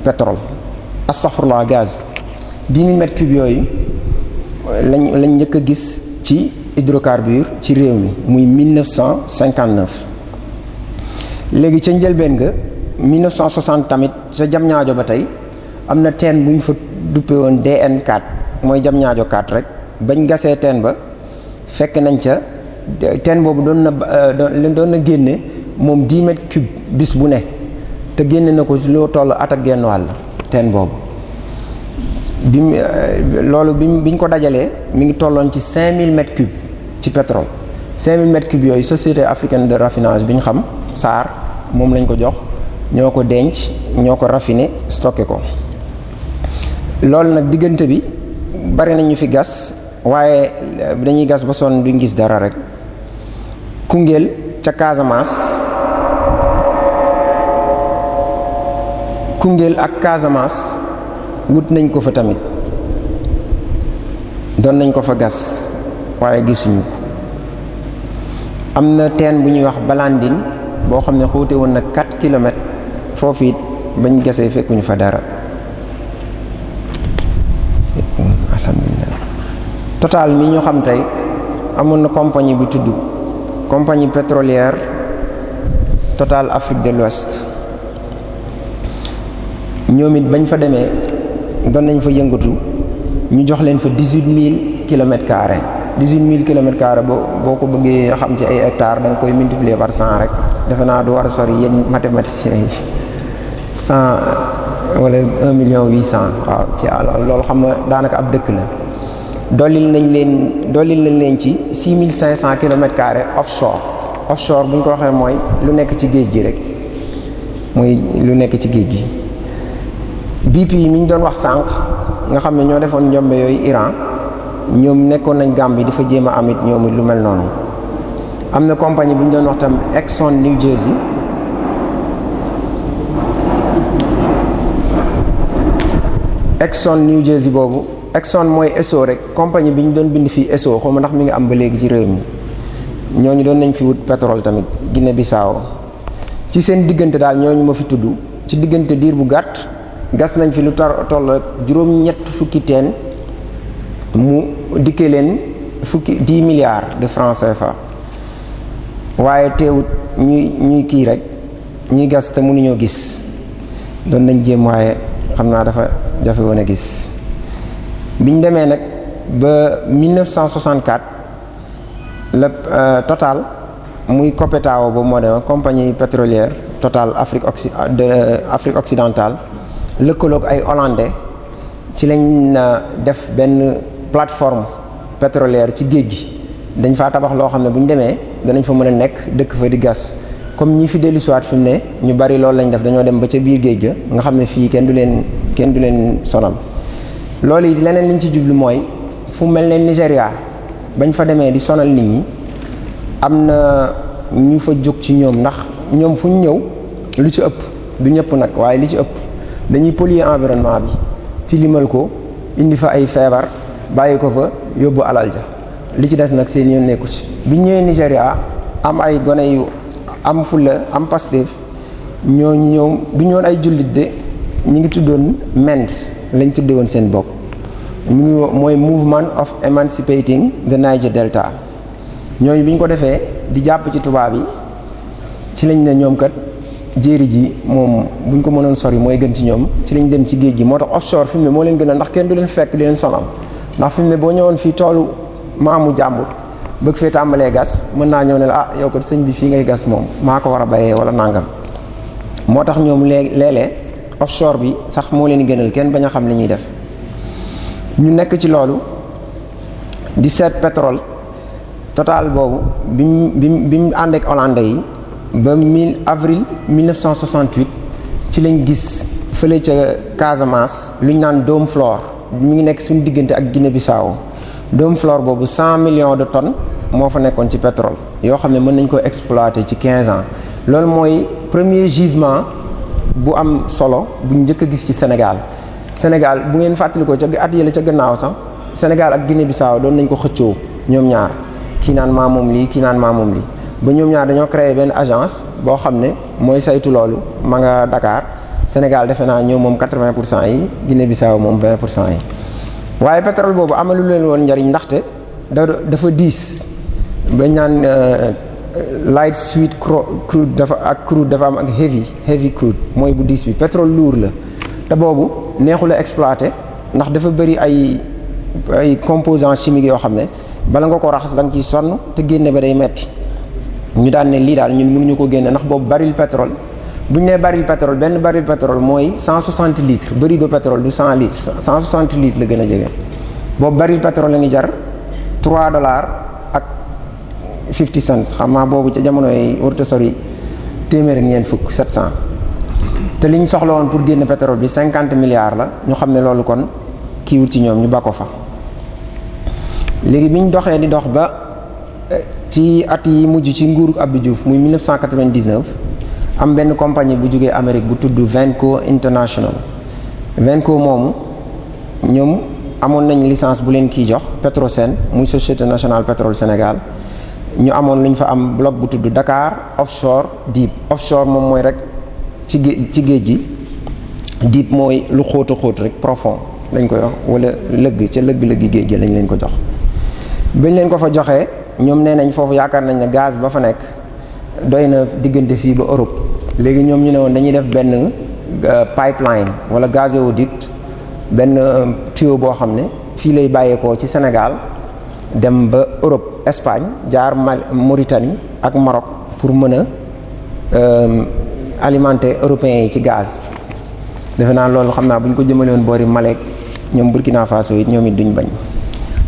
pétrole astafurlah gaz 10 000 yooyu lañ lañ njëkk a gis ci hydrocarbures ci réew mi muy 1959 léegi ca njëlbeen nga 1960 tamit ca ñaajo ba tey am na ten bu fa duppe woon DN4 mooy Diamniadio 4 rek bañ gasee teen ba fekk nañ ca teen boobu doon na euh, doon na génne moom 10 mètres cube bis bu ne te génne na ko loo toll at ak genn wàll teen boobu bi mu euh, loolu bi bi ko dajalee mi ngi tolloon ci 5000 mètres cube ci pétrole 5000 mètres cube yooyu société africaine de raffinage bi ñu xam SAR moom lañ ko jox ñoo ko denc ñoo ko raffiné stocké ko loolu nag diggante bi bari nañu fi gas waaye euh, dañuy gas ba sonn duñ gis dara rek Koungheul ca Casamance Koungheul ak Casamance wut nañ ko fa tamit doon nañ ko fa gas waaye gisuñu am na teen bu ñuy wax Balandine boo xam ne xóote woon na 4 kilomètres foofu it bañ gasee fekkuñu fa dara total mi ñu xam tey amoon na compagnie bi tudd compagnie pétrolière total Afrique de l'Ouest ñoom it bañ fa demee doon nañ fa yëngatu ñu jox leen fa dix-huit mille kilomètres carrés dix-huit mille kilomètres boo boo ko bëggee xam ci ay hectares da nga koy multiplier par cent rek defe naa du war a sori yéen mathématiciens yi cent wala un million loolu xam na daanaka ab dëkk la. dollil nañ leen dollil nañ leen ci 6500 kilomètres carrés offshore offshore bu ñu ko waxee mooy lu nekk ci géej gi rek mooy lu nekk ci géej gi BP mi ñu doon wax sànq nga xam ne ñoo defoon njombe yooyu Iran ñoom nekkoon nañ Gambie di dafa jéem a am ñoom lu mel noonu am na compagnie bu ñu doon wax tam Exxon New Jersey Exxon New Jersey boobu. Exxon mooy Esso rek compagnie bi ñu doon bind fii Esso xaw ndax mu ngi am ba léegi ci réew mi ñooñu doon nañ fi wut pétrole tamit Guinée Bissau ci seen diggante daal ñooñu ma fi tudd ci diggante diir bu gàtt gas nañ fi lu tar toll juróom-ñett fukki teen mu dikkee leen fukki 10 milliards de francs CFA waaye teewut ñuy ñuy kii rek ñuy gas te mënuñoo gis doon nañ jéem waaye xam naa dafa jafe woon gis. biñ demee nag ba 1964 la euh, Total muy COPETAO ba moo demoon compagnie pétrolière Total Afrique Occ de euh, Afrique occidentale ay hollandais ci lañ euh, def benn plateforme pétrolière ci géej gi dañ faa tabax loo xam ne bu ñu demee danañ fa mën a nekk dëkk fa di gas comme ñi fi dellu siwaat fi ne ñu bari loolu lañ def dañoo dem ba ca biir géej ga nga xam ne fii kenn du leen kenn du leen sonal. loolu it leneen liñ ci jublu mooy fu mel ne Nigéria bañ fa demee di sonal nit ñi am na ñu fa jóg ci ñoom ndax ñoom fu ñu ñëw lu ci ëpp du ñëpp nag waaye li ci ëpp dañuy polluer environnement bi ci limal ko indi fa ay feebar bàyyi ko fa yóbbu alal ja li ci des nag seen yoon nekku ci bi ñëwee Nigéria am ay gone yu am fulla am Pastef ñoo ñëw du ñoon ay jullit de ñu ngi tuddoon Mende lañ tudde woon seen bopp mu ngi mooy Movement of Emancipating the Niger Delta ñooñu bi buñ ko defee di jàpp ci tubaab yi ci lañ ne ñoom kat jéeri ji moom buñ ko mënoon sori mooy gën ci ñoom ci lañ dem ci géej gi moo tax offshore fi mu moo leen gën a ndax kenn du leen fekk di leen sonal ndax fi ne boo ñëwoon fii toolu maamu jàmbur bëgg fee tàmbalee gas mën naa ñëw ne la ah yow kat sëñ bi fii ngay gas moom maa ko war a bayee wala nangam moo tax ñoom léeg offshore bi sax moo leen gënal kenn bañ xam li ñuy def ñu nekk ci loolu di seet petrole total boobu bi mu bi mu ànd ak hollandais yi ba avril ci lañ gis fële ca Casamance lu ñu naan Dôme Flore mu ngi nekk suñu diggante ak Guinée Bissau Dôme Flore boobu 100 millions de tonnes moo fa nekkoon ci pétrole yoo xam ne mën nañ ko exploiter ci 15 ans loolu mooy premier gisement. bu am solo bu ñu njëkk a gis ci Sénégal Sénégal bu ngeen fàttalikoo ca at yële ca gannaaw sax Sénégal ak Guinée Bissau doon nañ ko xëccoo ñoom ñaar kii naan maa moom lii kii naan maa moom lii ba ñoom ñaar dañoo créé benn agence boo xam ne mooy saytu loolu ma nga dakaar Sénégal defe naa ñëw moom 80 pour cent yi Guinée Bissau moom 20 pour cent yi waaye pétrole boobu amalu leen woon njariñ ndaxte da dafa diis ba ñaan euh, light sweet crude dafa ak crude dafa am ak heavy heavy crude mooy bu diis bi pétrole lourd la te boobu neexul a exploité ndax dafa bëri ay ay composants chimiques yoo xam ne bala nga ko raxas danga nga ciy sonn te génne ba day metti ñu daan ne lii daal ñun ñu ko génne ndax boobu baril pétrole bu ñu ne baril pétrole benn baril pétrole mooy 160 litres bërigo pétrole du 100 litres 160 litres la gën a jege boobu baril pétrole la ngi jar 3 dollars. 50 cents xam naa boobu ca jamono yi warut a sori téeméer ak ñeent fukk te liñ soxla woon pour génn pétrole bi 50 milliards la ñu xam ne loolu kon kiiwut ci ñoom ñu bakko fa. léegi bi doxee di dox ba eh, ci at yi mujj ci nguuru Abdou Diouf muy 1999 am benn compagnie bu jógee Amérique bu tudd Venco International Venco moomu ñoom amoon nañ licence bu leen kiy jox Petrosen muy société national pétrole Sénégal. ñu amoon lu ñu fa am bloc bu tudd dakaar offshore deep offshore moom mooy rek ci géej ci géej gi deep mooy lu xóot a xóot rek profond lañ koy wax wala lëgg ca lëgg-lëgg géej gi lañ leen ko jox bañ leen ko fa joxee ñoom nee nañ foofu yaakaar nañ ne gaz ba fa nekk doy na diggante fii ba Europe léegi ñoom ñu ne woon dañuy def benn euh, pipeline wala gazoduc benn euh, tuyau boo xam ne fii lay bàyyeekoo ci Sénégal dem ba Europe Espagne jaar Mauritanie ak Maroc pour mën a euh, alimenter européens yi ci gaz defe naa loolu xam naa buñ ko jëmale woon boori Malek ñoom Burkina Faso it ñoom it duñ bañ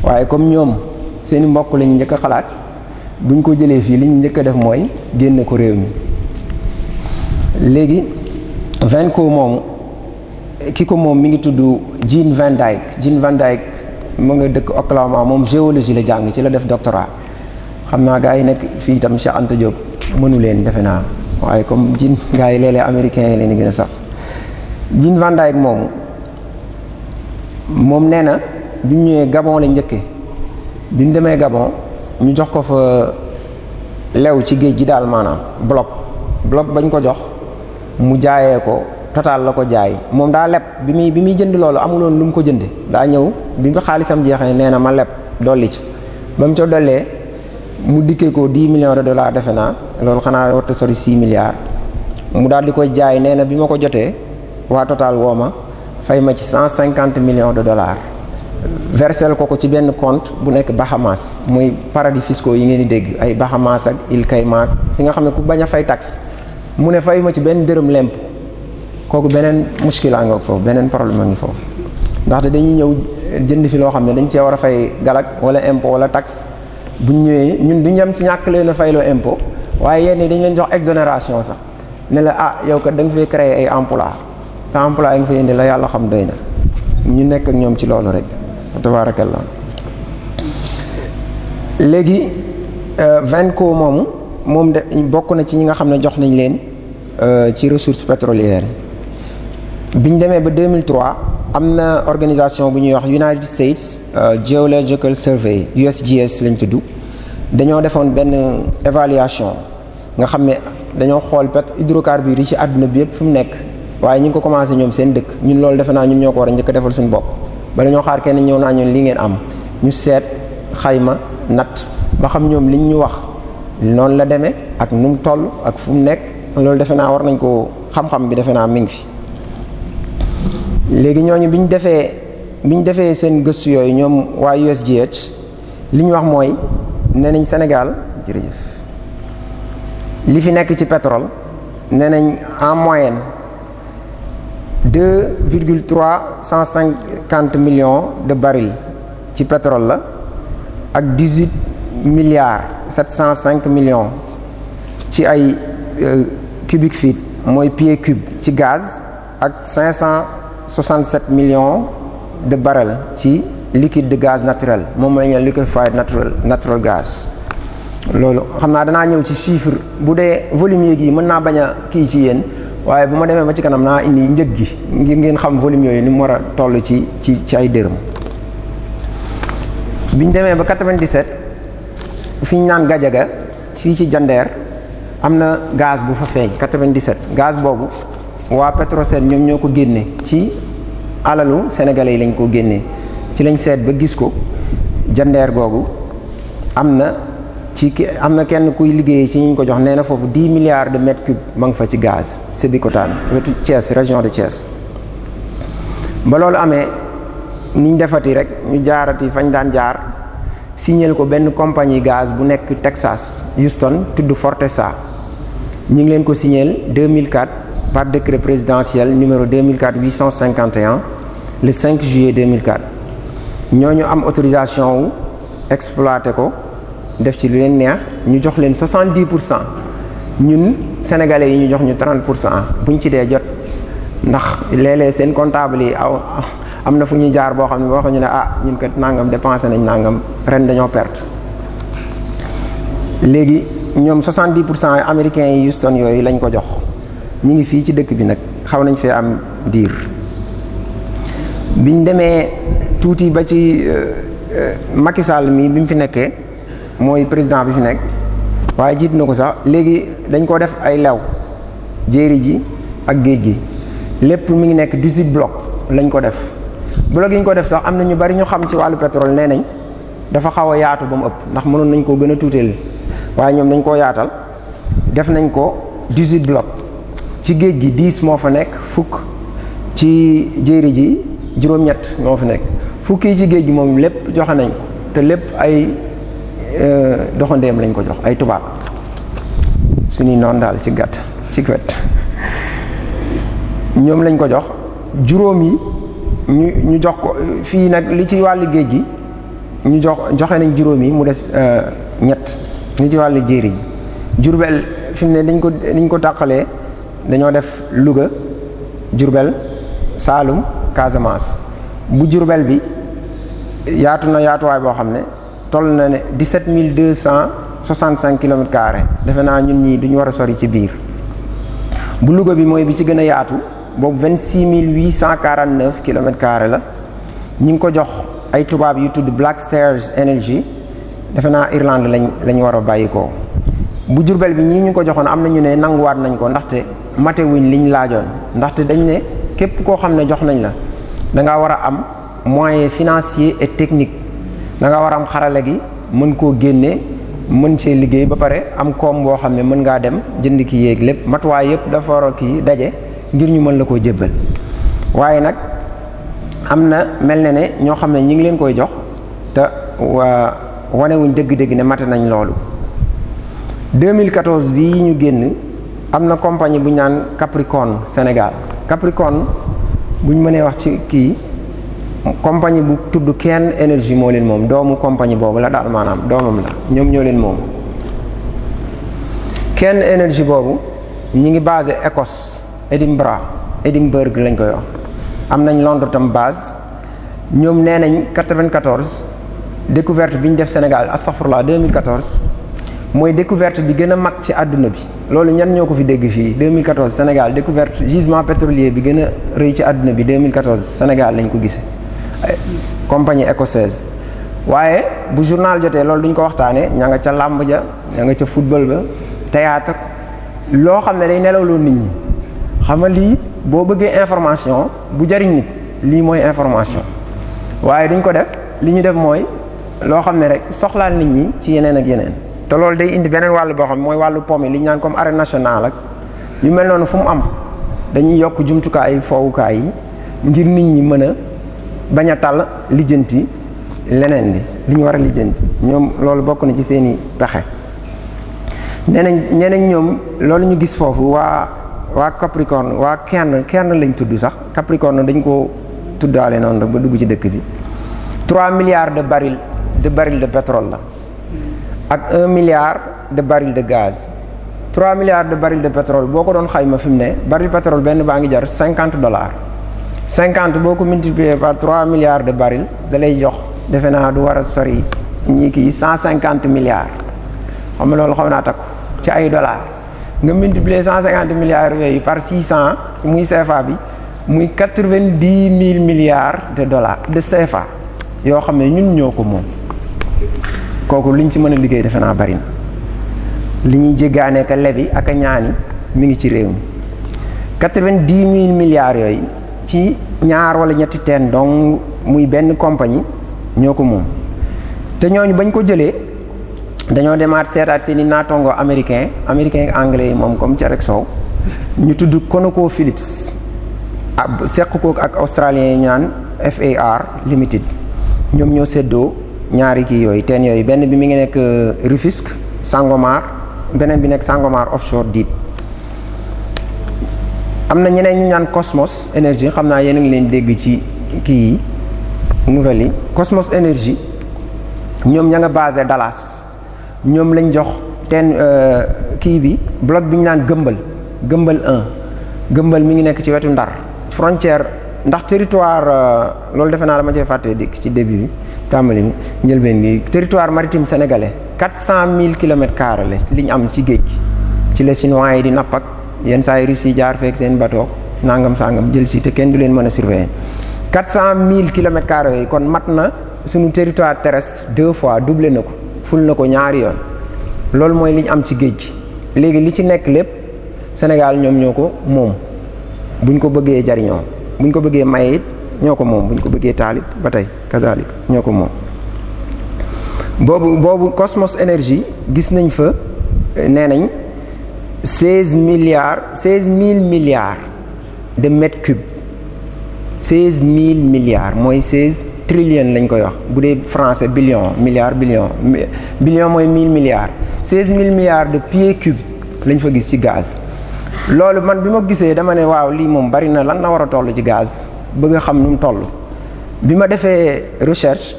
waaye comme ñoom seeni mbokk lañu njëkk a xalaat buñ ko jëlee fii li ñu njëkk a def mooy génne ko réew mi léegi Venco moomu ki ko moom mi ngi tudd Jean Van Dyke Jean mu nga dëkk Oklahoma moom géologie la jàng ci la def doctorat xam naa gars yi nekk fii itam Cheikh Anta Diop mënu leen defe naa waaye comme jin gars yi léeg-léeg américains yi leen gën a saf Jean Van Dyke moomu moom nee na bi ñëwee Gabon la njëkkee bi ñu demee Gabon ñu jox ko fa lew ci géej gi daal maanaam bloc bloc bañ ko jox mu jaayee ko total la ko jaay moom daa leb bi muy bi muy jënd loolu amuloon lu mu ko jënde daa ñëw bi mu xaalisam jeexee nee na ma leb dolli ca ba mu ca mu dikkee ko 10 millions de dollars defe naa loolu xanaa warta sori 6 milliards mu daal di koy jaay nee na bi ma ko jotee waa woo ma fay ma ci 150 millions de dollars versel ko ko ci benn compte bu nekk Bahamas muy paradis fiscaux yi ngeen di dégg ay Bahamas ak Îles Caïmans fi nga xam ne ku bañ a fay taxe mu ne fay ma ci benn dërëm lemp kooku beneen muskil a ngoog foofu beneen problème a ngi foofu ndaxte dañuy ñëw jënd fi loo xam ne dañu cee war a fay galak wala impo wala tax bu ñu ñëwee ñun ñu yem ci ñàkk leen fay fayloo impôt waaye yenn dañ leen jox exonération sax ne la ah yow kat da nga fay créer ay emploi te emploi yi nga fay indi la yàlla xam doy na ñu nekk ak ñoom ci loolu rek tabarakallah léegi euh, Venco moomu moom de bokk na ci ñi nga xam ne jox nañ leen euh, ci ressources pétrolières yi bi ñu demee ba 2003 am na organisation bu ñuy wax United States euh, Geological Survey USGS lañ tudd dañoo defoon benn évaluation nga xam ne dañoo xool pet hydrocarbures yi ci àdduna bi yëpp fu mu nekk waaye ñu ngi ko commencé ñoom seen dëkk ñun loolu defe naa ñun ñoo ko war a njëkk a defal suñu bopp bala ñoo xaar kenn ñëw naa ñun li ngeen am ñu seet xayma natt ba xam ñoom liñ ñu wax noonu la demee ak nu mu toll ak fu mu nekk loolu defe naa war nañ ko xam-xam bi defe naa mi ngi fi léegi ñooñu bi ñu defee bi ñu defee seen gëstu yooyu ñoom waaye USGH li ñu wax mooy nee nañ Sénégal li fi nekk ci pétrole nee nañ en moyenne deux virgule trois cent cinquante millions de barils ci pétrole la ak dix-huit milliards sept cent cinq millions ci ay euh, cubic feet mooy pied cube ci gaz ak cinq cent million millions de barils ci liquide de gaz naturel moom la ñu liquefied natural natural gas loolu xam naa danaa ñëw ci chiffre bu dee volume gi mën naa bañ a kii ci yéen waaye bu ma demee ba ci kanam naa indi njëg gi ngir ngeen xam volume yi ni mu war a toll ci ci ci ay dërëm biñ demee ba 97 fi ñu naan Gajaga fii ci Jandeer am na gaz bu fa feeñ 97 gaz boobu waa Petrosen ñoom ñoo ko génne ci alalu sénégalais yi lañ ko génnee ci lañ seet ba gis ko jandeer googu am na ci am na kenn kuy liggéeyee ci ñu ko jox nee na foofu 10 milliards de mètres cubes ma ngi fa ci gaz Sébikotane wetu Thiès région de Thiès ba loolu amee niñ defati rek ñu jaarati fañ daan jaar signal ko benn compagnie gaz bu nekk Texas Houston tudd Fortesa ñu ngi leen ko signal 2004 par décret présidentiel numéro 2004 851 le 5 juillet ñoo ñu am autorisation wu exploité ko def ci lu leen neex ñu jox leen 70 pour cent ñun sénégalais yi ñu jox ñu 30 pour cent buñ ci dee jot ndax léeg-léeg seen comptable yi aw am na fu ñuy jaar boo xam ne boo xam ñu ne ah ñun kat nangam dépensé nañ nangam ren dañoo perte léegi ñoom 70 pour cent américains yi Houston yooyu lañ ko jox. ñi ngi fii ci dëkk bi nag xaw nañ fee am diir biñ demee tuuti ba ci euh, Macky Sall mi bi mu fi nekkee mooy président bi fi nekk waaye jiit na ko sax léegi dañ ko def ay lew jéeri ji ak géej gi lépp mi ngi nekk 18 bloc lañ ko def bloc yi ñu ko def sax am na ñu bari ñu xam ci wàllu pétrole nee nañ dafa xaw a yaatu ba mu ëpp ndax mënoon nañ koo gën a tuuteel waaye ñoom dañ koo yaatal def nañ ko 18 bloc ci géej gi diis moo fa nekk fukk ci jéeri ji juróom-ñett ñoo fa nekk fukk yi ci géej gi moom lépp joxe nañ ko te lépp ay euh, doxandeem lañ ko jox ay tubaab suñuy noon daal ci gàtt ci wet ñoom lañ ko jox juróom yi ñu ñu jox ko fii nag li ci wàll géej gi ñu jox joxe nañ juróom yi mu des euh, ñett li ci wàll jéeri ji Jurbel fi ne dañ ko dañ ko tàqalee dañoo def Louga Diourbel Saalum Casamance bu Diourbel bi yaatu na yaatuwaay boo xam ne toll na ne 17265 kilomètres carrés defe naa ñun ñii duñu war a sori ci biir bu Louga bi mooy bi ci gën a yaatu boobu 26849 kilomètres carrés la ñu ngi ko jox ay tubaab yu tudd Black Stars Energy defe naa Irlande lañ lañ war a bàyyi ko bu Jurbel bi ñii ñu ngi ko joxoon am na ñu ne nanguwaat nañ ko ndaxte matewuñ liñ laajoon ndaxte dañ ne képp koo xam ne jox nañ la da nga war a am moyen financier et technique da nga war a am xarala gi mën koo génnee mën see liggéey ba pare am koom boo xam ne mën ngaa dem jënd ki yéeg lépp matuwaay yëpp dafa war a kii daje ngir ñu mën la koo jébbal waaye nag am na mel na ne ñoo xam ne ñi ngi leen koy jox te waa wanewuñ dëgg-dëgg ne mate nañ loolu 2014 bii ñu génn am na compagnie bu ñu naan Capricorn Sénégal Capricorn buñ mënee wax ci kii compagnie bu tudd kenn énergie moo leen moom doomu compagnie boobu la daal maanaam doomam la ñoom ñoo leen moom kenn énergie boobu ñi ngi basé Écosse Edinburgh Edinburgh lañ koy wax am nañ Londres tam baas ñoom nee nañ 94 découverte bi ñu def Sénégal astafurlah 2014 mooy découverte bi gën a mag ci àdduna bi. loolu ñan ñoo ko fi dégg fii 2014 Sénégal découverte gisement pétrolier bi gën a rëy ci àdduna bi 2014 Sénégal lañ ko gise compagnie écossaise waaye bu journal jotee loolu duñ ko waxtaanee ña nga ca làmb ja ña nga ca football ba théâtre loo xam ne day nelawloo nit ñi xam nga lii boo bëggee information bu jariñ nit lii mooy information waaye duñ ko def li ñu def mooy loo xam ne rek soxlaal nit ñi ci yeneen ak yeneen te loolu day indi beneen wàllu boo xam mooy wàllu pom yi li ñu naan comme arène nationale ak yu mel noonu fu mu am dañuy yokk jumtukaay foowukaay yi ngir nit ñi mën a bañ a tàll lijjanti leneen li li ñu war a lijjanti ñoom loolu bokk na ci seen i pexe nee nañ ñoom loolu ñu gis foofu waa waa Capricorne waa kenn kenn lañ tudd sax Capricorne dañ ko tuddaale noonu rek ba dugg ci dëkk bi 3 milliards de baril de baril de petrol la ak un milliard de baril de gaz trois milliards de baril de pétrole boo ko doon xayma fi mu ne baril pétrole benn baa ngi jar cinquante dollars cinquante boo ko multiplier par trois de baril dalay jox defe naa du war a sori ñii kii cent cinquante milliards xam nga loolu xaw naa takku ci ay dollars nga multiplier cent cinquante milliards yooyu par six cent muy CFA bi muy quatre-vingt-dix mille milliards de dollars de CFA yoo xam ne ñun ñoo ko moom. kooku liñ ci mën a liggéey defe naa bari na li ñuy jéggaane ka lebi ak ñaani mi ngi ci réew mi quatre mille milliards yooyu ci ñaar walla ñetti teen donc muy benn compagnie ñoo ko moom te ñooñu bañ ko jëlee dañoo demaat seetaat seeni naatongo américain américain ak anglais yi moom comme ca rek soow ñu tudd ConocoPhillips ab seq kook ak australien yi ñaan FAR Limited ñoom ñoo seddoo ñaari kii yooyu teen yooyu benn bi mu ngi nekk euh, Rufisque Sangomar beneen bi nekk Sangomar offshore deep am na ñeneen ñu naan Cosmos énergie xam naa yéen a ngi leen dégg ci kii yi nouvelles yi Cosmos énergie ñoom ña nga baase Dallas ñoom lañ jox teen euh, kii bi bloc bi ñu naan Gëmbal Gëmbal 1 Gëmbal mi ngi nekk ci wetu Ndar frontière ndax territoire euh, loolu defe naa dama cee fàttee dikk ci début bi tàmbali njëlbeen gi territoire maritime sénégalais quatre cent mille kilomètres carrés la li ñu am si géej gi ci la chinois yi di napp ak yenn saa yi russe jaar feek seen bateau nangam sangam jël si te kenn du leen mën a surveiller quatre cent mille kilomètres carrés yooyu kon mat na suñu territoire terrestre deux fois doublé na ko ful na ko ñaari yoon loolu mooy li ñu am ci géej gi léegi li ci nekk lépp Sénégal ñoom ñoo ko moom buñ ko bëggee jariñoo buñ ko bëggee maye it ñoo ko moom bu ñu ko bëggee taalit ba tey kadalik ñoo ko moom boobu boobu Cosmos Energy gis nañ fa nee nañ seize milliards seize mille milliards de mètres cubes seize mille milliards mooy seize trillion lañ koy wax bu dee français billion milliard billion billion mooy mille milliards seize mille de pieds cubes lañ fa gis ci gaz loolu man bi ma gisee dama ne waaw lii moom bari na lan la war a toll ci gaz bëgg a xam nu mu toll bi ma defee recherche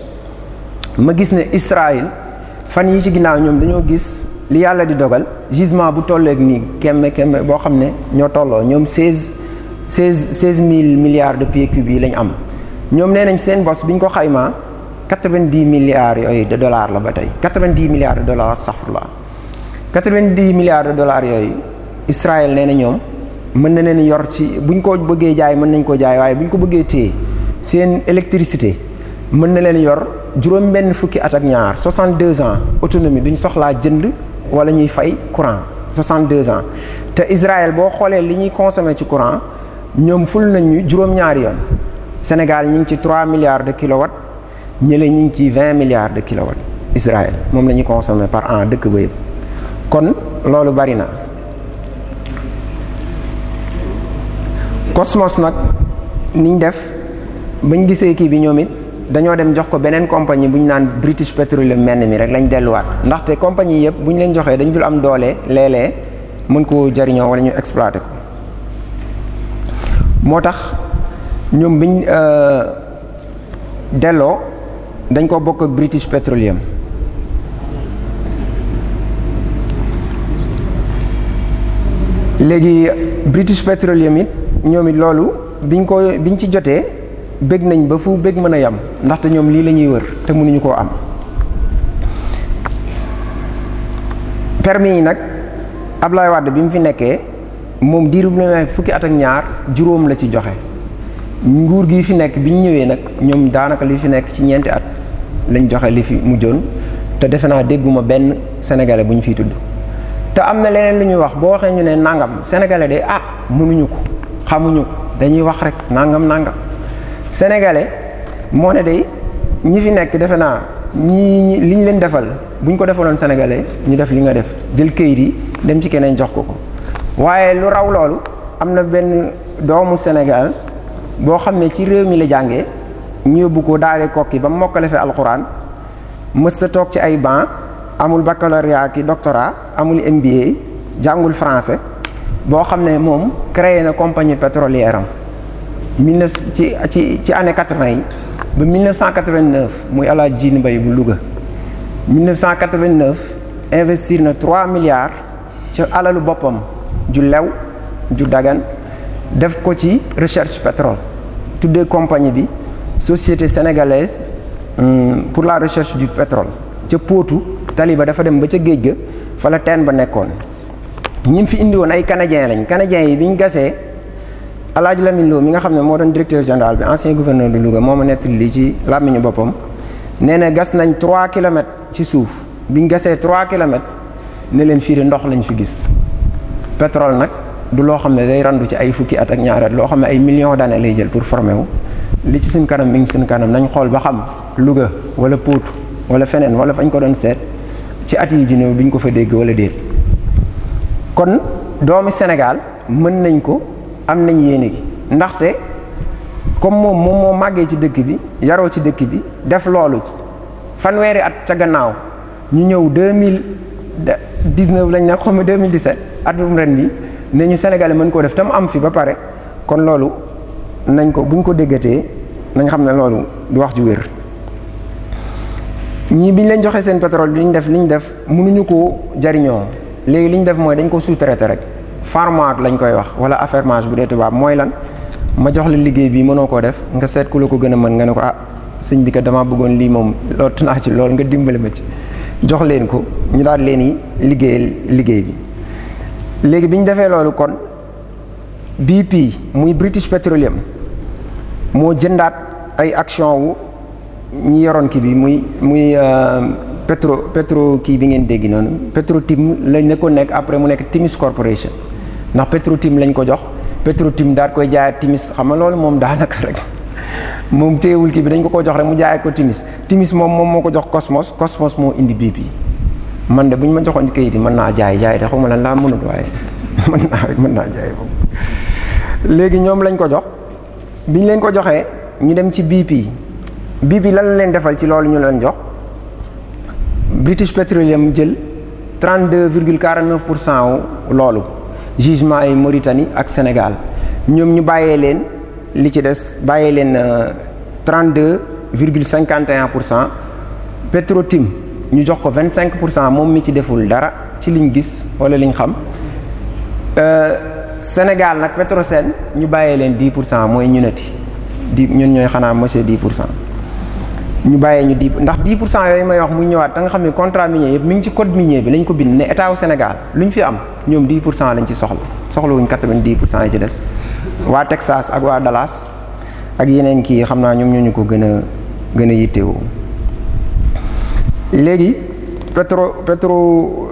ma gis ne Israël fan yi ci ginnaaw ñoom dañoo gis li yàlla di dogal gisement bu tolleek nii kemme kemme boo xam ne ñoo tolloo ñoom seize seize seize mille milliards de pieds cubes yi lañ am ñoom nee nañ seen bos bi ñu ko xaymaa quatre-vingt-dix milliards yooyu de dollars la ba tey quatre-vingt-dix de dollars safrula quatre-vingt-dix milliards de dollars yooyu Israël nee na ñoom mën na leen yor ci buñ ko bëggee jaay mën nañ ko jaay waaye buñ ko bëggee téye seen électricité mën na leen yor juróom benn fukki at ak ñaar 62 ans autonomie duñ soxlaa jënd wala ñuy fay courant 62 ans te Israël boo xoolee li ñuy consommer ci courant ñoom ful nañ ñu juróom-ñaari yoon Sénégal ñu ngi ci 3 milliards de kilowatts ñële ñu ngi ci 20 milliards de kilowatts Israël moom la ñuy consommer par an dëkk ba yëpp kon loolu bari na. Cosmos nag niñ def bañ gisee kii bi ñoom it dañoo dem jox ko beneen compagnie bu ñu naan British Petroleum menn mi rek lañ delluwaat ndaxte compagnie yëpp bu ñu leen joxee dañ dul am doole léeg-léeg mën koo jariñoo wala ñu exploité ko moo tax ñoom biñ euh, delloo dañ ko bokk ak British Petroleum léegi British Petroleum it ñoom it loolu biñ ko biñ ci jotee bëgg nañ ba fu bëgg mën a yam ndaxte ñoom lii la ñuy wër te mënuñu koo am permi yi nag ab Ablaye Wade bi mu fi nekkee moom diiru bu ne fukki at ak ñaar juróom la ci joxe nguur gi fi nekk bi ñu ñëwee nag ñoom daanaka li fi nekk ci ñeenti at lañ joxe li fi mujjoon te defe naa dégguma benn sénégalais bu ñu fi tudd te am na leneen lu ñuy wax boo waxee ñu ne nangam sénégalais de ah mënuñu ko xamuñu dañuy wax rek nàngam nangam sénégalais moo ne day ñi fi nekk defe naa ñii liñ leen defal buñ ko defaloon sénégalais ñu def li nga def jël kayit yi dem ci keneen jox ko ko waaye lu raw loolu am na benn doomu Sénégal boo xam ne ci réew mi la jànge ñu yóbbu ko daare kokki ba mokkale fi alxuraan mës sa toog ci ay banc amul baccalauréat ki doctorat amul MBA jàngul français. boo xam ne moom créé na compagnie pétrolière am mille neuf ci ci ci année quatre vingt yi ba mille neuf cent quatre muy Alaaji Jiin Mbay bu Louga mille neuf cent investir na trois milliards ca alalu boppam ju lew ju dagan def ko ci recherche pétrole tuddee compagnie bi société sénégalaise pour la recherche du pétrole ca póotu tali ba dafa dem ba ca géej ga fa teen ba nekkoon ñi fi indi woon ay canadiens lañ canadiens yi bi ñu gasee Alaaji Lamine Lo mi nga xam ne moo doon directeur général bi ancien gouverneur de Louga moo ma nettali li ci làmmiñu boppam nee na gas nañ 3 kilomètres ci suuf bi ñu gasee 3 kilomètres ne leen fii de ndox lañu fi gis pétrole nag du loo xam ne day randu ci ay fukki at ak ñaari at loo xam ne ay millions d'années lay jël pour former wu li ci suñ kanam mi ngi suñ kanam nañ xool ba xam Louga wala Pout wala feneen wala fañ ko doon seet ci at yi di ñëw duñ ko fa dégg wala kon doomi Sénégal mën nañ ko am nañ yéene gi ndaxte comme moom moom moo màggee ci dëkk bi yaroo ci dëkk bi def loolu fanweeri at ca gannaaw ñu ñëw deux mille dix-neuf lañ ne xaw ma deux mille dix-sept ren bi ne ñu Sénégalais mën koo def tam am fi ba pare kon loolu nañ ko buñ ko déggatee nañ xam ne loolu du wax ju wér. ñii biñ leen joxee seen pétrole bi ñu def li ñu def mënuñu koo jariñoo léegi li ñu def mooy dañ ko sous-traité rek farmaatu lañ koy wax wala affermage bu dee tubaab mooy lan ma jox la liggéey bi mënoo koo def nga seet ku la ko gën a mën nga ne ko ah sëñ bi ko damaa bëggoon lii moom lottu naa ci loolu nga dimbali ma ci jox leen ko ñu daal leen yi liggéeyal liggéey bi léegi bi ñu defee loolu kon BP muy British Petroleum moo jëndaat ay action wu ñi yoroon ki bi muy muy euh, pétro pétro kii bi ngeen dégg noonu Petro-Tim lañ ne ko nekk après mu nekk Timis Corporation ndax Petro-Tim lañ ko jox Petro-Tim daal koy jaayaat Timis xam nga loolu moom daanaka rek [laughs] moom téewul kii bi dañ ko ko jox rek mu jaayee ko Timis Timis moom moom moo ko jox Cosmos Cosmos moo indi bii bi man de bu ñu ma joxoon kayit yi mën naa jaay jaay de xawma lan laa mënut waaye [laughs] mën naa mën naa jaay boobu léegi ñoom lañ ko jox biñ leen ko joxee ñu dem ci BP BP lan leen defal ci loolu ñu leen jox. British Petroleum jël 32 virgule 49 pour cent wu loolu jugement yi Mauritanie ak Sénégal ñoom ñu bàyyee leen li ci des bàyyee leen 32 euh, virgule 51 pour cent Petrotim ñu jox ko 25 pour cent moom mi ci deful dara ci liñ gis wala liñ xam euh, Sénégal nag Petrosen ñu bàyyee leen 10 pour cent mooy ñu neti di ñun ñooy xanaa monsieur 10 pour cent. ñu bàyyee ñu di ndax 10 pour cent yooyu may wax mu ñëwaat da nga xam ne contrat minier yëpp mi ngi ci code minier bi lañ ko bind ne état wu Sénégal lu ñu fi am ñoom 10 pour cent lañ ci soxla soxlawuñ 90 pour cent ci des waa Texas ak waa Dallas ak yeneen kii xam naa ñoom ñoo ñu ko gën a gën a yittewoo léegi pétro pétro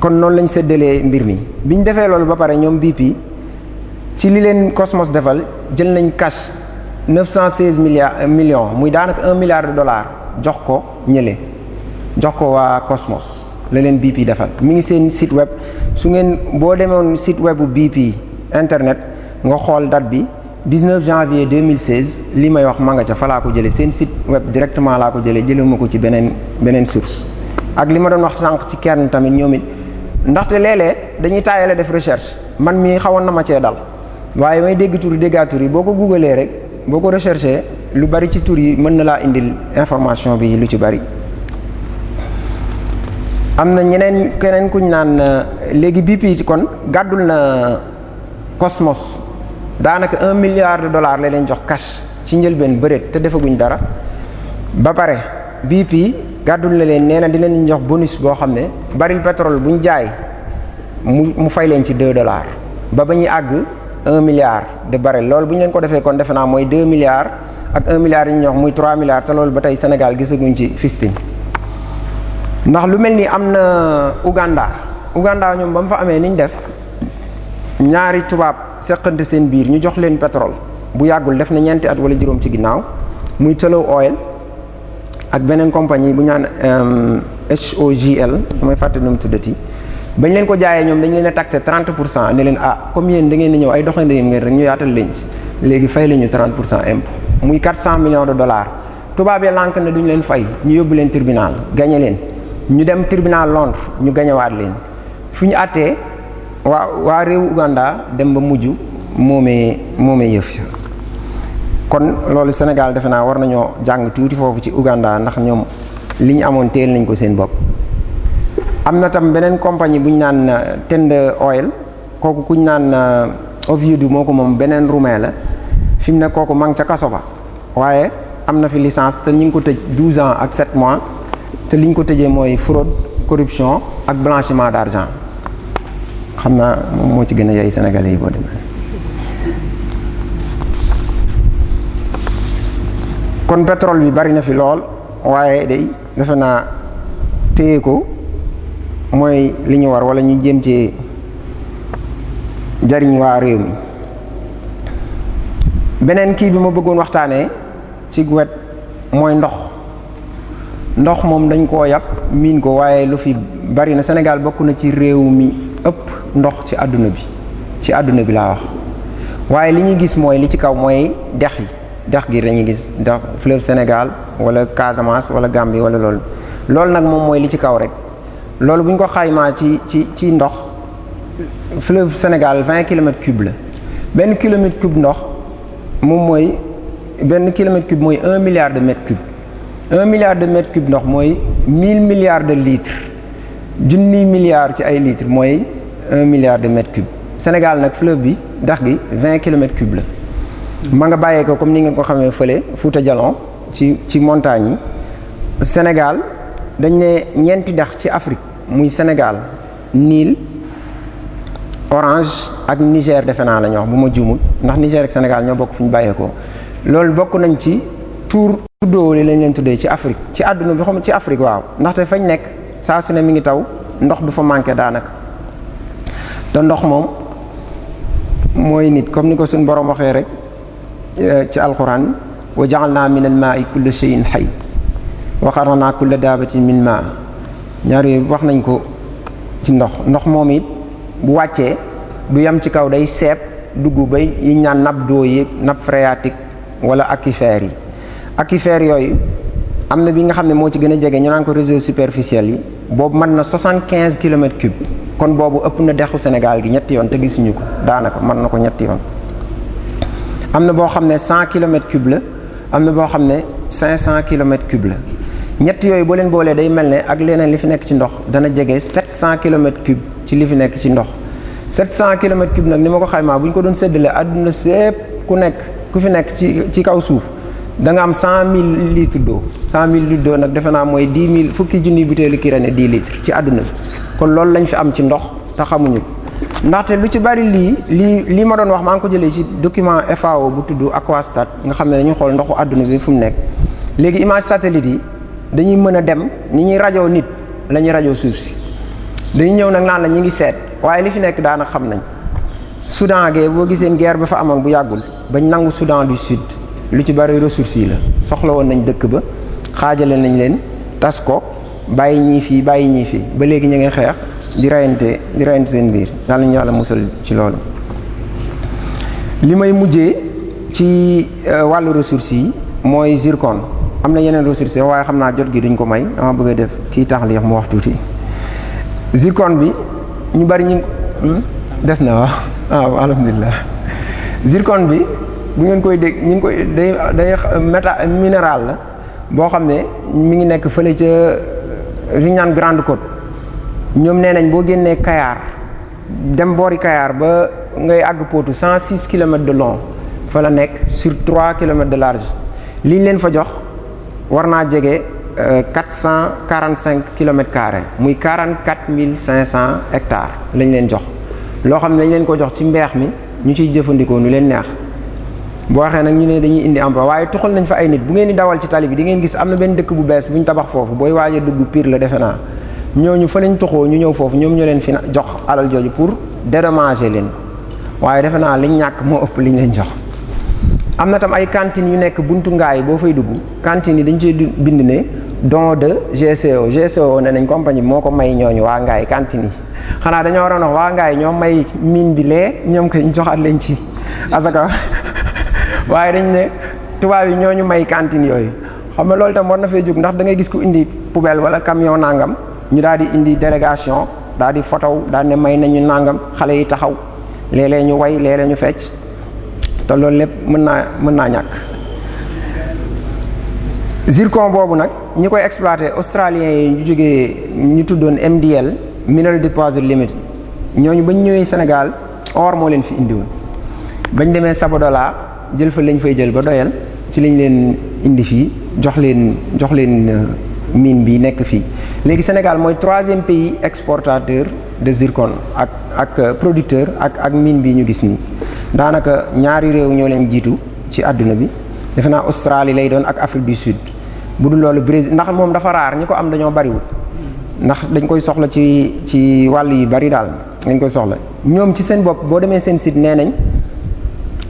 kon noonu lañ séddalee mbir mi bi ñu defee loolu ba pare ñoom bii BP ci li leen Cosmos defal jël nañ cash 916 milliards euh, millions muy daanaka 1 milliard de dollars jox ko ñële jox ko waa Cosmos la leen BP defal mu ngi seen site web su ngeen boo demoon site web bu BP internet nga xool date bi 19 janvier 2016 li may wax ma nga ca fa laa ko jëlee seen sit web directement laa ko jëlee jëlee ma ko ci beneen beneen source ak li ma doon wax sànq ci kenn tamit ñoom ndaxte léeg dañuy taayale def recherche man mii xawoon na ma cee dal waaye may dégg tur yi boo ko googalee rek. boo ko recherché lu bari ci tur yi mën na laa indil information bi lu ci bari am na ñeneen keneen kuñ naan euh, léegi BP kon gàddul na euh, Cosmos daanaka un milliard de dollars la leen jox cash ci njëlbeen bëreet te defaguñ dara ba pare BP gàddul na leen nee na di leen jox bonus boo xam ne baril pétrole buñ jaay mu mu fay leen ci deux dollars ba ba ñuy àgg. un milliard de baril loolu bu ñu leen ko defee kon defe naa mooy deux milliards ak un milliard yi ñu muy trois milliards te loolu ba tey Sénégal gisaguñ ci fistin ndax lu mel ni am na Uganda Uganda ñoom ba mu fa amee ni def ñaari tubaab seqante seen biir ñu jox leen pétrole bu yàggul def na ñeenti at wala juróom ci ginnaaw muy Tullow Oil ak beneen compagnie bu ñaan HOGL euh, damay fàtte nu mu tuddati bañ leen ko jaayee ñoom dañ leen a taxé 30 pour cent ne leen ah comme yéen da ngeen di ñëw ay doxandéem yéen ngeen rek ñu yaatal leen léegi fay la ñu 30 pour cent impôt muy 400 millions de dollars tubaab yi lànk na duñu leen fay ñu yóbbu leen tribunal gagné leen ñu dem tribunal Londres ñu gañewaat leen fu ñu àttee waa waa réewu Uganda dem ba mujj moomee moomee yëf kon loolu Sénégal defe naa war nañoo jàng tuuti foofu ci Uganda ndax ñoom li ñu amoon teel nañ ko seen bopp. am na tam beneen compagnie bu ñu naan euh, Tend Oil kooku ku ñu naan euh, Ovidu moo ko moom beneen roumain la fi mu ne kooku ma ngi ca kaso ba waaye am na fi licence te ñu ngi ko tëj 12 ans ak 7 mois te li ko tëjee mooy fraude corruption ak blanchiment d'argent xam naa moom moo ci gën a yey sénégalais yi boo demee. kon pétrole bi bari na fi lool waaye day defe naa téye ko. mooy li ñu war wala ñu jéem ci jariñ waa réew mi beneen kii bi ma bëggoon waxtaane ci wet mooy ndox ndox moom dañ koo yàpp miin ko waaye lu fi bari na Sénégal bokk na ci réew mi ëpp ndox ci àdduna bi ci àdduna bi laa wax waaye li ñuy gis mooy li ci kaw mooy dex yi dex gi dañuy gis dex fleuve Sénégal wala Casamance wala Gambie wala loolu loolu nag moom mooy li ci kaw rek loolu bu ñu ko xaymaa ci ci ci ndox fleuve Sénégal vingt kilomètres cubes la benn kilomètre cube ndox moom mooy benn kilomètre cube mooy un milliard de mètres cubes un milliard ndox mooy mille milliards de litres junni milliards ci ay litres mooy un de mètres cubes Sénégal nag fleuve bi dex gi vingt kilomètres cubes la. ma nga bàyyee ko comme ni nga ko xamee fële Fouta Djalon ci ci montagnes yi Sénégal dañ ne ñeenti dex ci Afrique. muy Sénégal niil orange ak Niger defe naa la wax bu ma juumul ndax Niger ak Sénégal ñoo bokk fu ñu bàyyeekoo loolu bokk nañ ci tour tuddoo li lañ leen tuddee ci Afrique ci àdduna bi xam ci Afrique waaw ndaxte fañ nekk saa su ne mi ngi taw ndox du fa manqué daanaka te ndox moom mooy nit comme ni ko suñ borom waxee rek eh, ci alquran wa ja'alna min al ma'i kulli shay'in hayy wa qarana kulla dabatin min ma' ñaar yooyu wax nañ ko ci ndox ndox moom it bu wàccee du yam ci kaw day seet dugg ba yi ñaan nappe d'eau nappe phréatique wala aquifère yi aquifère yooyu am na bi nga xam ne moo ci gën a jege ñu naan ko réseau superficiel yi boobu mën na soixante-quinze kilomètres cubes kon boobu ëpp na dexu Sénégal gi ñetti yoon te gisuñu ko daanaka mën na ko ñetti yoon am na boo xam ne cent kilomètres cubes la am na boo xam ne cinq cent kilomètres cubes la ñett yooyu boo leen boolee day mel ne ak leneen li fi nekk ci ndox dana jege 700 kilomètres cubes ci li fi nekk ci ndox 700 kilomètres cubes nag ni ma ko xaymaa bu ñu ko doon séddale àdduna sépp ku nekk ku fi nekk ci ci kaw suuf da nga am 100000 litres d'eau 100000 litres d'eau nag defe naa mooy 10000 fukki junniy butéelu Kirène 10 litres ci àdduna bi kon loolu lañu fi am ci ndox te xamuñu ndaxte lu ci bari lii lii lii ma doon wax maa ngi ko jëlee ci document FAO bu tudd Aquastat nga xam ne dañu xool ndoxu àdduna bi fu mu nekk dañuy mën a dem ni ñuy rajoo nit la ñuy rajoo suuf si dañuy ñëw nag naan la ñu ngi seet waaye li fi nekk daana xam nañ Soudan gee boo giseen guerre ba fa amoon bu yàggul bañ nangu Soudan du Sud lu ci bari ressources yi la soxla woon nañ dëkk ba xaajale nañ leen tas ko bàyyi ñii fii bàyyi ñii fii ba léegi ñu ngi xeex di reyante di rayante seen biir yàlla ñu yàlla musal ci loolu li may mujjee ci euh, wàllu ressources yi mooy zircon am na yeneen ressources waaye xam naa jot gi duñ ko may dama bëgg a def kii taxliix mu wax tuuti zircon bi ñu bari ñu hmm? des na waaw waaw alhamdulilah zircon bi bu ngeen koy dégg ñu ngi koy day day méta minéral la boo xam ne mi ngi nekk fële ca li ñu Grande Côte ñoom nee nañ boo génnee Kayar dem boori Kayar ba ngay àgg pootu 106 kilomètres de long fa la nekk sur 3 kilomètres de large li leen fa jox. war naa jege euh, quatre cent quarante cinq kilomètres carrés muy quarante quatre mille cinq cent hectares lañ leen jox loo xam ne dañ leen ko jox ci mbeex mi ñu ciy jëfandikoo nu leen neex boo waxee nag ñu ne dañuy indi emploi waaye tuxal nañ fa ay nit bu ngeen di dawal ci tali bi di ngeen gis am na benn dëkk bu bees bu ñu tabax foofu booy waajee dugg Pire la defe naa ñooñu fa lañ tuxoo ñu ñëw foofu ñoom ñu leen fi jox alal jooju pour dédommager leen waaye defe naa liñ ñàkk moo ëpp liñ leen jox. am na tam ay cantines yu nekk buntu ngaay boo fay dugg cantines yi dañ cee bind ne don de GCO GCO ne nañ compagnie moo ko may ñooñu waa ngaay kantine yi xanaa dañoo waroon wax waa ngaay ñoo may mine bi lee ñoom koy joxaat leen ci asaka [laughs] waaye dañ ne tubaab yi ñooñu may cantines yooyu xam nga loolu tam war na fee jóg ndax da ngay gis ku indi poubelle wala camion nangam ñu daal di indi délégation daal di fotow daal ne may nañu nangam xale yi taxaw léeg ñu way léeg ñu fecc te loolu lépp mën naa mën naa ñàkk zircon boobu nag ñi koy exploité australiens yi ñu jógee ñu tuddoon MDL mineral deposit limit ñooñu bañ ñëwee Sénégal or moo leen fi indiwoon bañ demee Sabodala jël fa lañ fay jël ba doyal ci lañ leen indi fii jox leen jox leen euh, mine bi nekk fii léegi Sénégal mooy troisième pays exportateur de zircon ak ak euh, producteur ak ak mine bi ñu gis nii daanaka ñaari réew ñoo leen jiitu ci àdduna bi defe naa Australie lay doon ak Afrique du Sud bu du loolu Brésil ndax moom dafa raar ñi ko am dañoo bariwul ndax dañ koy soxla ci ci wàll yi bari daal dañ koy soxla ñoom ci seen bopp boo demee seen site nee nañ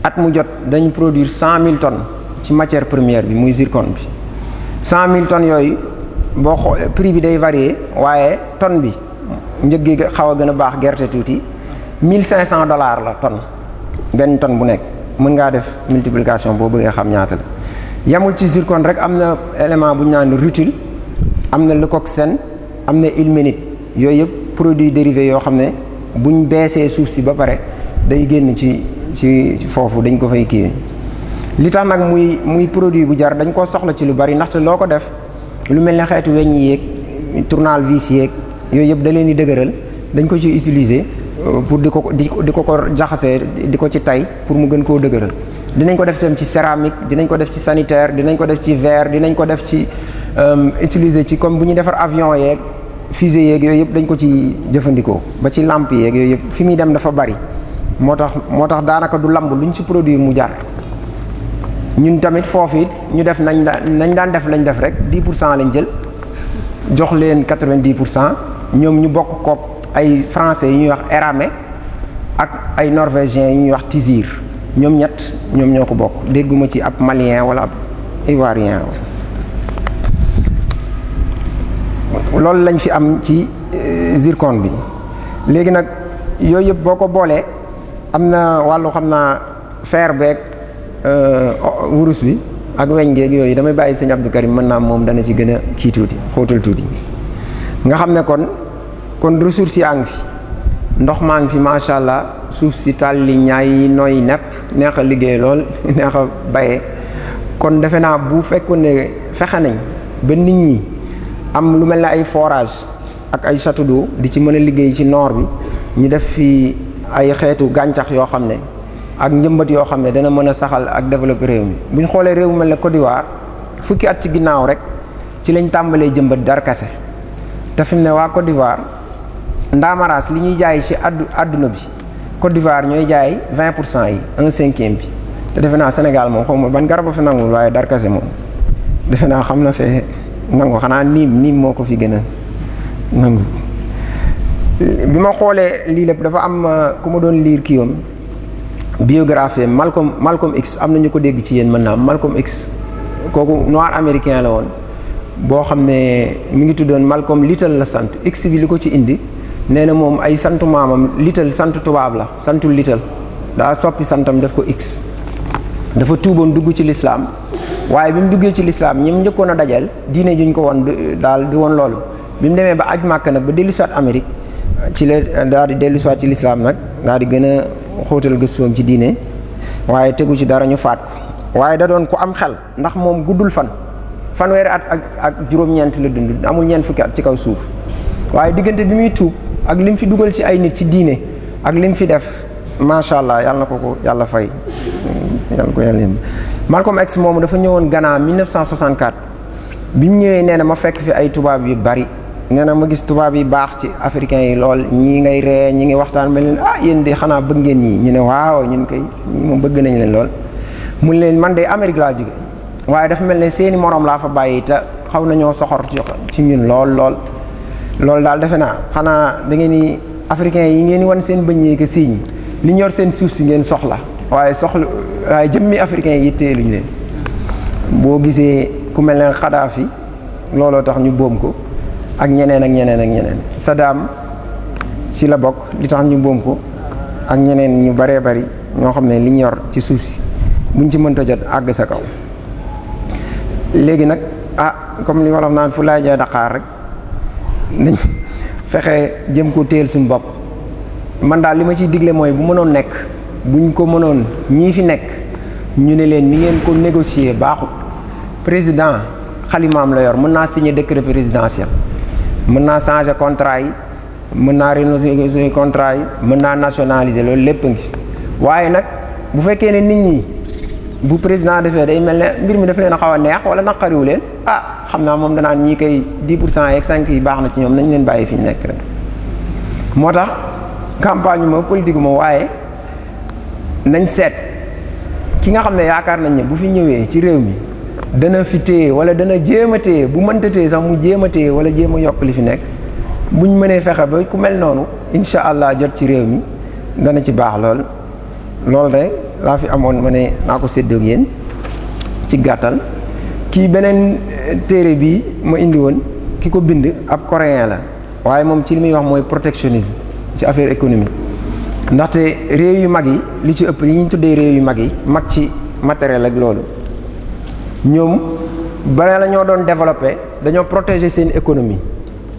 at mu jot dañ produir cent mille tonnes ci matière première bi muy zircon bi cent mille tonnes yooyu boo xoolee prix bi day varier waaye tonne bi njëg gi xaw a gën a baax gerte tuuti mille cinq cent dollars la tonne. benn tonne bu nekk mën ngaa def multiplication boo bëggee xam ñaata la yamul ci zircon rek am na élément bu ñu naan rutile am na sen am na ilménite yooyu yëpp produit dérivés yoo xam ne buñ beesee suuf si ba pare day génn ci ci foofu dañ ko fay kii li tax nag muy muy produit bu jar dañ ko soxla ci lu bari ndaxte loo ko def lu mel ne xeetu weñ yi yeeg tournevis yeeg yooyu yëpp da leen di dëgëral dañ ko ci utiliser pour di ko di ko di ko ko jaxasee di ko ci tay pour mu gën koo dëgëral dinañ ko def itam ci céramique dinañ ko def ci sanitaire dinañ ko def ci verre dinañ ko def ci euh, utiliser ci comme bu ñuy defar avion yeeg fusée yeeg yooyu yëpp dañ ko ci jëfandikoo ba ci làmp yeeg yooyu yëpp fi muy dem dafa bari moo tax moo tax daanaka du lamb luñ ci produit mu jar ñun tamit foofu yi ñu def nañ daan nañ daan def lañ def rek 10 pour cent lañ jël jox leen 90 pour cent ñoom ñu bokk kopp ay français yu ñuy wax Eramé ak ay norvégien yu ñuy wax tisir ñoom ñett ñoom ñoo ko bokk dégguma ci ab malien wala ab ivoirien loolu lañ fi am ci euh, zircon bi léegi nag yooyu yëpp boo ko boolee am na wàllu xam naa fer beeg euh, wurus bi ak weñ geeg yooyu damay bàyyi sëñ Abdou Karim mën naa moom dana ci gën a kii tuuti xóotal tuuti nga xam ne kon kon ressources yaa ngi fi ndox maa ngi fi macha allah suuf si tàlli ñaay nooy nepp neex a liggéey lool [laughs] neex a baye kon defe naa bu fekkoon ne fexe nañ ba nit ñi am lu mel ne ay forage ak ay château d'eau di ci mën a liggéey ci noor bi ñu def fii ay xeetu gàncax yoo xam ne ak njëmbat yoo xam ne dana mën a saxal ak développer réew mi bu ñu xoolee réew mel ne Côte d'Ivoire fukki at ci ginnaaw rek ci lañ tàmbalee jëmbat darkase te fi ne waa Côte ndaamaraas li ñuy jaay ci addu àdduna bi Côte d'Ivoire ñooy jaay 20 pour cent yi un cinquième bi te defe naa Sénégal moom xaw ma ban garab a fi nangul waaye darkase moom defe naa xam na fee nangu xanaa niim niim moo ko fi gën a nangu bi ma xoolee lii lépp dafa am euh, ku ma doon liir kii yoom biographie Malcolm Malcolm X am na ñu ko dégg ci yéen mën naa Malcolm X kooku noir américain la woon boo xam ne mu ngi tuddoon Malcolm Little la sant X bi li ko ci indi nee moom ay santu maamam lital sant tubaab la santul lital daa soppi santam def ko x dafa tuuboon dugg ci lislaam waaye bi mu duggee ci lislaam ñi mu njëkkoon a dajal diine juñ ko woon daal di woon loolu bi mu demee ba aj màkk nag ba dellusiwaat amerig ci la daal di dellusiwaat ci lislaam nag daa di gën a xóotal gëstoom ci diine waaye tegu ci dara ñu faat ko waaye da doon ku am xel ndax moom guddul fan fanweeri at ak ak juróom-ñeent la dund amul ñeent fukki ci kaw suuf ak lim fi dugal ci ay nit ci diine ak lim fi def macha allah yàlla na ko ko yàlla fay yàlla ko yàlla Malcolm X moomu dafa ñëwoon Ghana 1964 bi mu ñëwee nee na ma fekk fi ay tubaab yu bari nee ma gis tubaab yi baax ci africains yi lool ñii ngay ree ñi ngi waxtaan mel leen ah yéen de xanaa bëgg ngeen ñii ñu ne waaw ñun koy ñii moom bëgg nañu leen lool mu leen man de Amérique laa jóge waaye dafa mel ne seeni moroom laa fa bàyyi te xaw nañoo soxor ci ñun lool lool loolu daal defe naa xanaa da ngeen ni africain yi ngeen wan seen bëñ yee que siiñ li ñor seen suuf si ngeen soxla waaye soxla waaye jëmmi africain yi yitteeluñ leen boo gisee ku mel ne Kadhafi looloo tax ñu boom ko ak ñeneen ak ñeneen ak ñeneen Saddam ci la bokk li tax ñu boom ko ak ñeneen ñu baree bari ñoo xam ne li ñor ci suuf si buñ ci mënta jot àgg sa kaw léegi nag ah comme li wolof naa fu laay jaay daqaar rek. nañ fexe jëm ko téel suñu bopp man daal li ma ciy digle mooy bu mënoon nekk buñ ko mënoon ñii fi nekk ñu ne leen ni ngeen ko négocier baaxul président xalimaam la yor mën naa signer décret présidentiel mën naa changer contrat yi mën naa renouveler contrat yi mën naa nationaliser loolu lépp ngi waaye nag bu fekkee ne nit ñi bu président defee day mel ne mbir mi dafa leen a xaw a neex wala naqariwu leen a ah, xam naa moom danaa ñii koy 10 pour cent yeeg 5 yi baax na ci ñoom nañ leen bàyyi fi nekk rek moo tax campagne ma politique ma waaye nañ seet ki nga xam ne yaakaar nañ ne bu fi ñëwee ci réew mi dana fi téye wala dana jéem a bu mënta téye sax mu jéem a téye wala jéem a yokk li fi nekk buñ mënee fexe ba ku mel noonu incha allah jot ci réew mi dana ci baax lool. loolu rek laa fi amoon ma ne naa ko séddoog yéen ci gàttal kii beneen eh, téere bi ma indi woon ki ko bind ab coréen la waaye moom ci li muy wax mooy protectionnisme ci affaire économique ndaxte réew yu mag yi li ci ëpp li ñu tuddee réew yu mag yi mag ci matériel ak loolu ñoom bare la ñoo doon développé dañoo protéger seen économie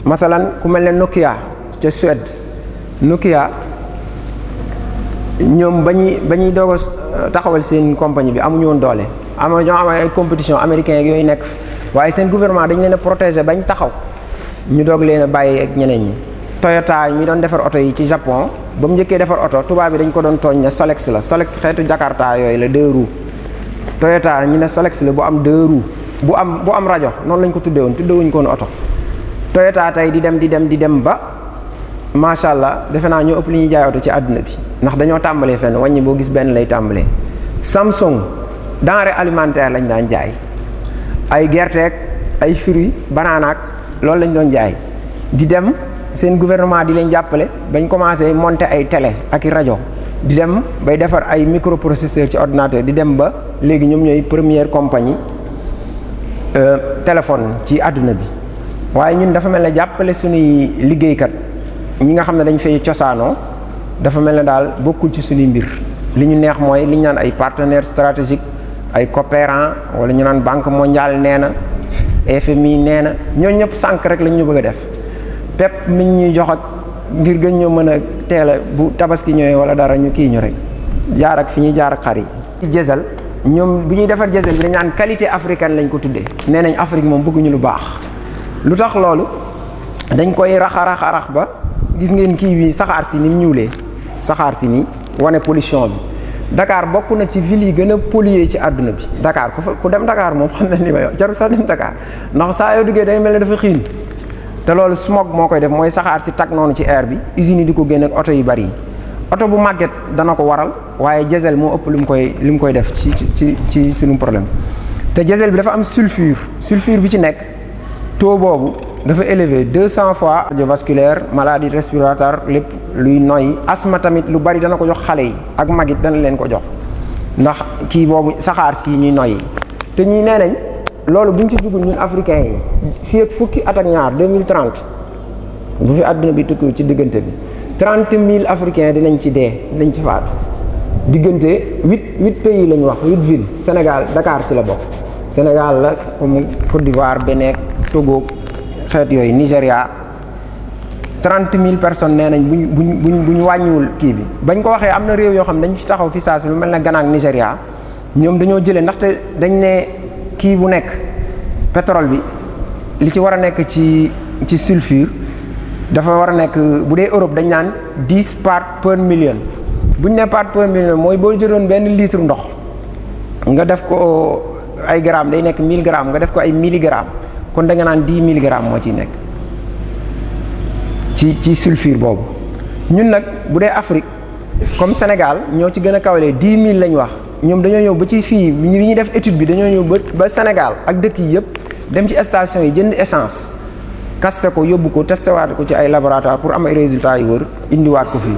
masalan ku mel ne Nokia ca Suède Nokia ñoom ba ñuy ba ñuy doog a taxawal seen compagnie bi amuñu woon doole ama ñoo am ay compétition américain ak yooyu nekk waaye seen gouvernement dañ leen a protéger bañ taxaw ñu doog leen bàyyi ak ñeneen ñi. Toyota mi doon defar oto yi ci Japon ba mu njëkkee defar oto tubaab bi dañ ko doon tooñ ne Solex la Solex xeetu Jakarta yooyu la deux roues Toyota ñu ne Solex la bu am deux bu am bu am rajo noonu lañ ko tuddee woon tuddee wuñ ko woon oto Toyota di dem di macha allah defe naa ñoo ëpp li ñuy jaay oto ci àdduna bi ndax dañoo tàmbalee fenn wàññi boo gis benn lay tàmbalee Samsung denrée alimentaire lañ daan jaay ay gerteeg ay fruits banaanaak loolu lañ doon jaay di dem seen gouvernement di leen jàppale bañ commencé monte ay télé ak i rajo di dem bay defar ay microprocesseur ci ordinateur di dem ba léegi ñoom ñooy première compagnie euh, téléphone ci àdduna bi waaye ñun dafa mel ne jàppale suñuy liggéeykat. ñi nga xam ne dañ fay cosaanoo dafa mel ne daal bokkul ci suñu mbir li ñu neex mooy li ñu naan ay partenaires stratégiques ay coopérants wala ñu naan banque mondiale nee na FMI nee na ñooñu ñëpp sànq rek lañ ñu bëgg a def pepp mi ñuy jox ak ngir gën ñu mën a teel a bu tabaski ñëwee wala dara ñu kii ñu rek jaar ak fi ñuy jaar ak xar yi. jësal ñoom bu ñuy defar jësal bi dañ naan qualité africaine lañ ko tuddee nee nañ Afrique moom bëgguñu lu baax lu tax loolu gis ngeen kii bi saxaar si ni mu ñuulee saxaar si ni wane pollution bi dakaar bokk na ci ville yi gën a pollué ci àdduna bi dakaar ku fa ku dem dakaar moom xam na li may wax jarul sax dem Dakar ndax saa yoo duggee day mel ne dafa xiin te loolu smog moo koy def mooy saxaar si tag noonu ci air bi usines yi di ko génne ak oto yu bari yi oto bu màgget dana ko waral waaye diesel moo ëpp li mu koy li mu koy def ci ci ci suñu problème te diesel bi dafa am sulfure bi ci nekk taux boobu. dafa élevé deux cent fois cardiovasculaire maladie respiratoire lépp luy noyyi asma tamit lu bari dana ko jox xale yi ak mag it dana leen ko jox ndax kii boobu saxaar si ñuy yi te ñuy nee nañ loolu buñ ci dugg ñun africain yi fii ak fukki at ak ñaar 2030 bu fi àdduna bi tukki ci diggante bi trente mille africains dinañ ci dee dinañ ci faatu diggante huit huit pays lañ wax huit Sénégal Dakar ci la bokk Sénégal la comme Côte d'Ivoire Bénin Togo. xeet yooyu Nigéria trente mille personnes nee nañ buñ buñ buñ bu ñu wàññiwul kii bi bañ ko waxee am na réew yoo xam dañ fi taxaw fi saa si lu mel na Ghana ak ñoom dañoo jëlee ndaxte dañ ne kii bu nekk pétrole bi li ci war a nekk ci ci sulfure dafa war a nekk bu dee Europe dañ naan dix parts per million bu ñu nee parts per million mooy boo jëloon benn litre ndox nga def ko ay grammes day nekk milligramme nga def ko ay milligrammes kon da naan 10 milligrammes moo ci nekk ci ci sulfure boobu ñun nag bu dee Afrique comme Sénégal ñoo ci gën a kawalee 10 000 lañ wax ñoom dañoo ñëw ba ci fii bi ñuy def étude bi dañoo ñëw ba ba Sénégal ak dëkk yi yëpp dem ci station yi jënd essence kaste ko yóbbu ko testé waat ko ci ay laboratoire pour am ay résultat yu wër indiwaat ko fii.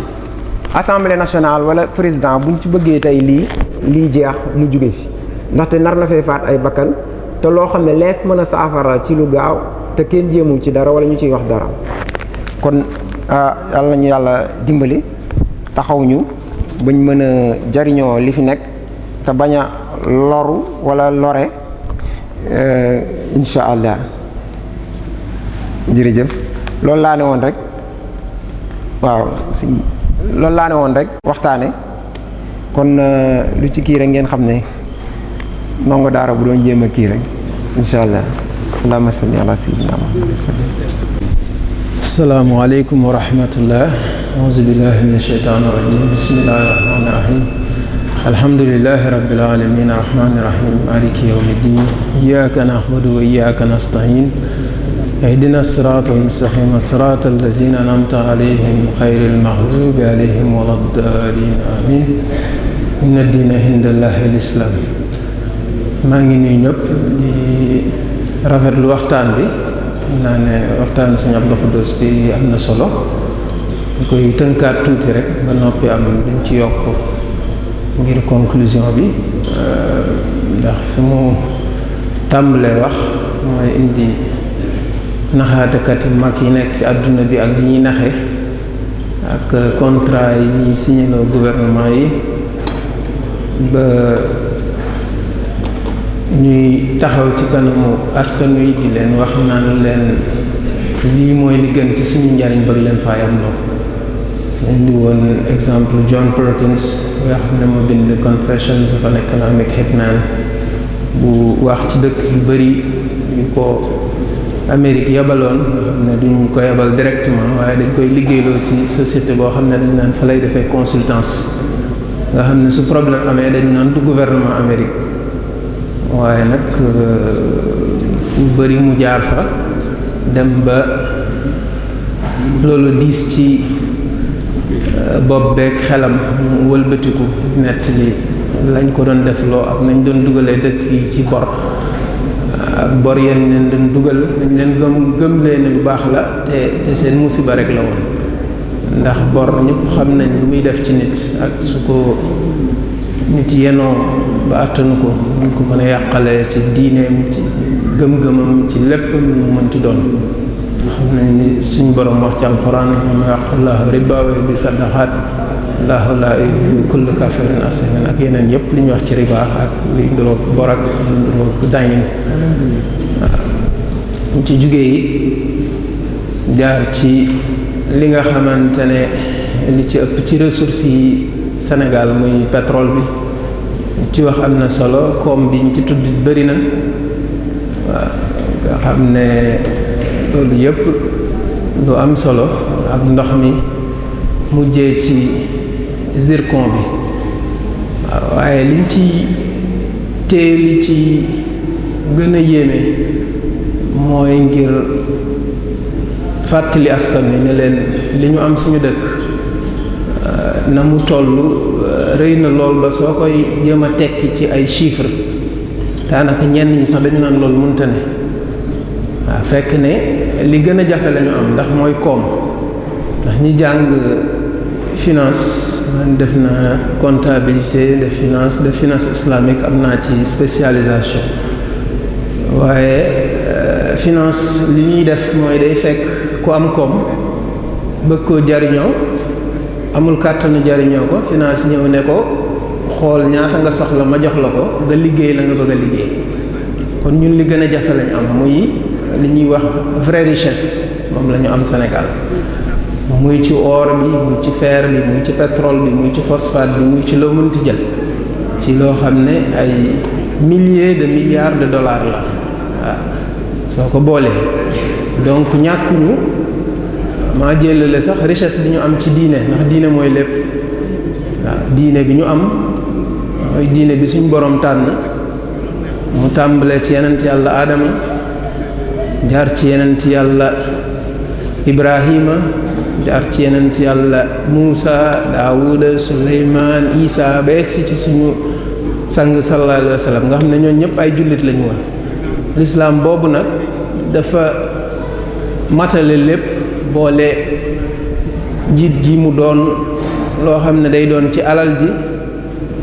Assemblée nationale wala président buñ ci bëggee tey lii lii jeex mu jóge fi ndaxte nar na fee faat ay bakkan te loo xam ne lees mën a saafara ci lu gaaw te kenn jéemul ci dara wala ñu ciy wax dara kon ah, yàlla nañu yàlla dimbali taxawuñu bañ mën a jariñoo li fi nekk te bañ a loru walla lore eh, insha allah jërëjëf loolu laa ne woon rek waaw si laa ne woon rek waxtaane kon eh, lu ci kii rek ngeen xam ne ndongo daara bu doon jéem a kii rek incha allah allahumma salli ala sayyidina muhammad asalaamaaleykum wa rahmatullah aousubillahi min asheytaan irajim bismillahi rahmani rahim alhamdulilahi rabbil alamin arrahmani irahim maliki yawmi ddin iyyaka na'budu wa iyyaka nasta'in اهدنا الصراط المستقيم صراط الذين أنعمت عليهم خير المغلوب عليهم ولا الضالين آمين إن الدين عند الله الإسلام maa ngi nuyu ñëpp di rafetlu waxtaan bi naa ne waxtaan Sëriñ Abdou Khoudoss bi am na solo ñu koy tënkaat tuuti rek ba noppi am duñ ci yokk ngir conclusion bi euh, ndax fi mu tàmbalee wax mooy indi naxaatekat yu mag yi nekk ci àdduna bi ak li ñuy naxe ak contrat yi ñuy signéloo yi ba ñuy taxaw ci kanamu askan wi di leen wax naan leen lii mooy li ci suñu njariñ bëgg leen fay am loo indi woon exemple John Perkins nga xam ne moo bind Confessions of an Economic Hitman bu wax ci dëkk yu bari ko Amérique yabaloon nga xam ne duñ ko yabal directement waaye dañ koy liggéeyloo ci société boo xam ne dañ naan fa lay defee consultance nga xam ne su problème amee dañ naan du gouvernement Amérique waaye nag euh, fu bari mu jaar fa dem ba loolu diis ci euh, bopp beeg xelam mu nett li lañ ko doon def loo ak nañ doon dugalee dëkk yi ci bor ak euh, bor yeen leen doon dugal dañ leen gëm gëm leen lu baax la te te seen musiba rek la woon ndax bor ñëpp xam nañ lu muy def ci nit ak su ko nit yenoo ba àttanu ko ñu ko mën a yàqale ci diineem ci gëm-gëmam ci lépp lu mu mënti doon xam nañ ni suñ borom wax ci alxuraan ma yàqullahu ribaawe bi saddaxaat laahu laa yuhibbu kulla kaafirin ak yeneen yëpp li ñu wax ci riba ak luy nduroog bor ak lu nduroog waaw ñu ci jugee yi jaar ci li nga xamante ne li ci ëpp ci ressources yi senegal muy pétrole bi ci wax am na solo koom bi ci tudd bëri na waaw nga xam ne loolu yépp lu am solo ak ndox mi mujjee ci zircon bi waaye liñ ci tee li ci gën a yéeme mooy ngir fàttali askan wi ne leen li ñu am suñu dëkk na mu toll uh, rëy na lool ba soo koy jëm a tekki ci ay chiffres daanaka ñenn ñi sax dañu naan loolu mënta ne waaw fekk ne li gën a jafe lañu am ndax mooy koom ndax ñu jàng finance man def na comptabilité de finance de finance islamique am naa ci spécialisation waaye uh, finance li ñuy def mooy day fekk ku am koom bëgg koo jariñoo amul kàttanu jariñoo ko finance ñëw ne ko xool ñaata nga soxla ma jox la ko nga liggéey la nga bëgg a liggéey kon ñun li gën a jafe lañ am muy li ñuy wax vraie richesse moom lañu am Sénégal muy ci oor bi muy ci feer bi muy ci pétrole bi muy ci phosphate bi muy ci loo mënti jël ci loo xam ne ay milliers de milliards de dollars la waaw soo ko boolee donc ñàkkuñu maa jëlale sax richesse bi ñu am ci diine ndax diine mooy lépp waaw diine bi ñu am diine bi suñu boroom tànn mu tàmbalee ci yenent yàlla aadama jaar ci yeneen yenent yàlla ibrahima jaar ci yenent yàlla muusa daawuda suleymaan isa ba egsi ci suñu sang sallallahu alayhi nga xam ne ñooñu ñëpp ay jullit lañu woon lislaam boobu nag dafa matale lépp boole jiit gi mu doon loo xam ne day doon ci alal ji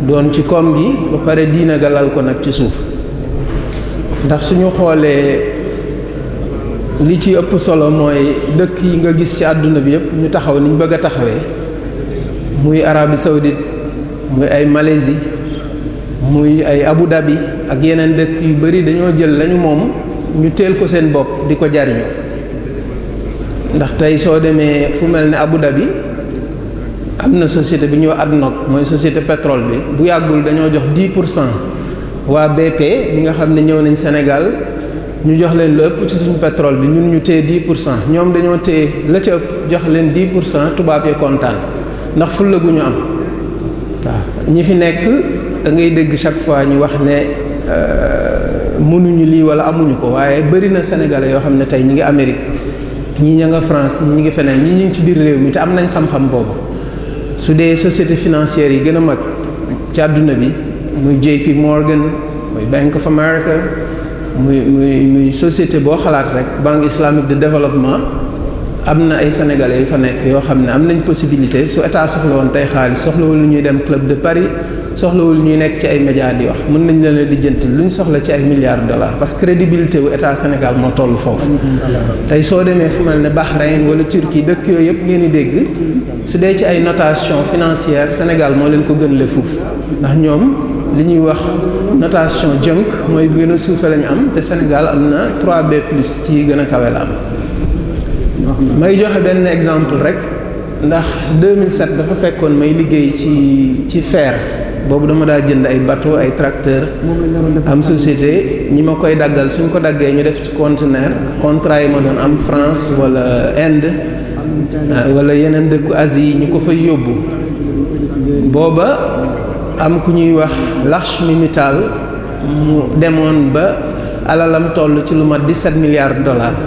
doon ci koom gi ba pare diina galal ko nag ci suuf ndax suñu xoolee li ci ëpp solo mooy dëkk yi nga gis ci àdduna bi yëpp ñu taxaw niñ bëgg a taxawee muy Arabie sawdit muy ay Malaisie muy ay Abu Dhabi ak yeneen dëkk yu bari dañoo jël lañu moom ñu teel ko seen bopp di ko jariñ ndax tey soo demee fu mel ne Abu Dhabi am na société bi ñuy wax ADNOC mooy societé pétrole bi bu yàggul dañoo jox 10 pour cent waa BP bi nga xam ne ñëw nañ Sénégal ñu jox leen lu ëpp ci suñu pétrole bi ñun ñu téye 10 pour cent ñoom dañoo téye la ca ëpp jox leen 10 pour cent tubaab yi kontaan ndax fulla gu ñu am waaw ñi fi nekk da ngay dégg chaque fois ñu wax ne euh, mënuñu lii wala amuñu ko waaye bari na sénégalais yoo xam ne tey ñi ngi Amérique. ñii ña nga France ñi ñu ngi feneen ñi ñu ngi ci biir réew mi te am nañ xam-xam boobu su dee société financières yi gën a mag ci àdduna bi muy JP Morgan muy Bank of America muy muy muy société boo xalaat rek banque islamique de développement am na ay sénégalais yu fa nekk yoo xam ne am nañ possibilité su état soxla woon tey xaalis soxlawul lu ñuy dem club de Paris soxlawul ñuy nekk ci ay médias di wax mën nañ leen di dijjanti lu ñu soxla ci ay milliards de dollars parce que crédibilité bu état Sénégal moo toll foofu. tey soo demee fu mel ne Bahreïn wala Turquie dëkk yooyu yëpp ngeen di dégg su dee ci ay notation financière Sénégal moo leen ko gën le fuuf ndax ñoom li ñuy wax notation jënk mooy bu gën a suufee la am te Sénégal am na 3B plus ci gën a kawe la am. may joxe benn exemple rek ndax 2007 dafa fekkoon may liggéey ci ci fer. boobu dama daa jënd ay bateau ay tracteur am société ñi ma koy daggal suñu ko daggee ñu def ci conteneur contrat yi ma doon am France wala Inde ah, wala yeneen dëkku Asie yi ñu ko fay yóbbu booba am ku ñuy wax Lakshmi Mittal mu demoon ba alalam toll ci lu mat 17 milliards de dollars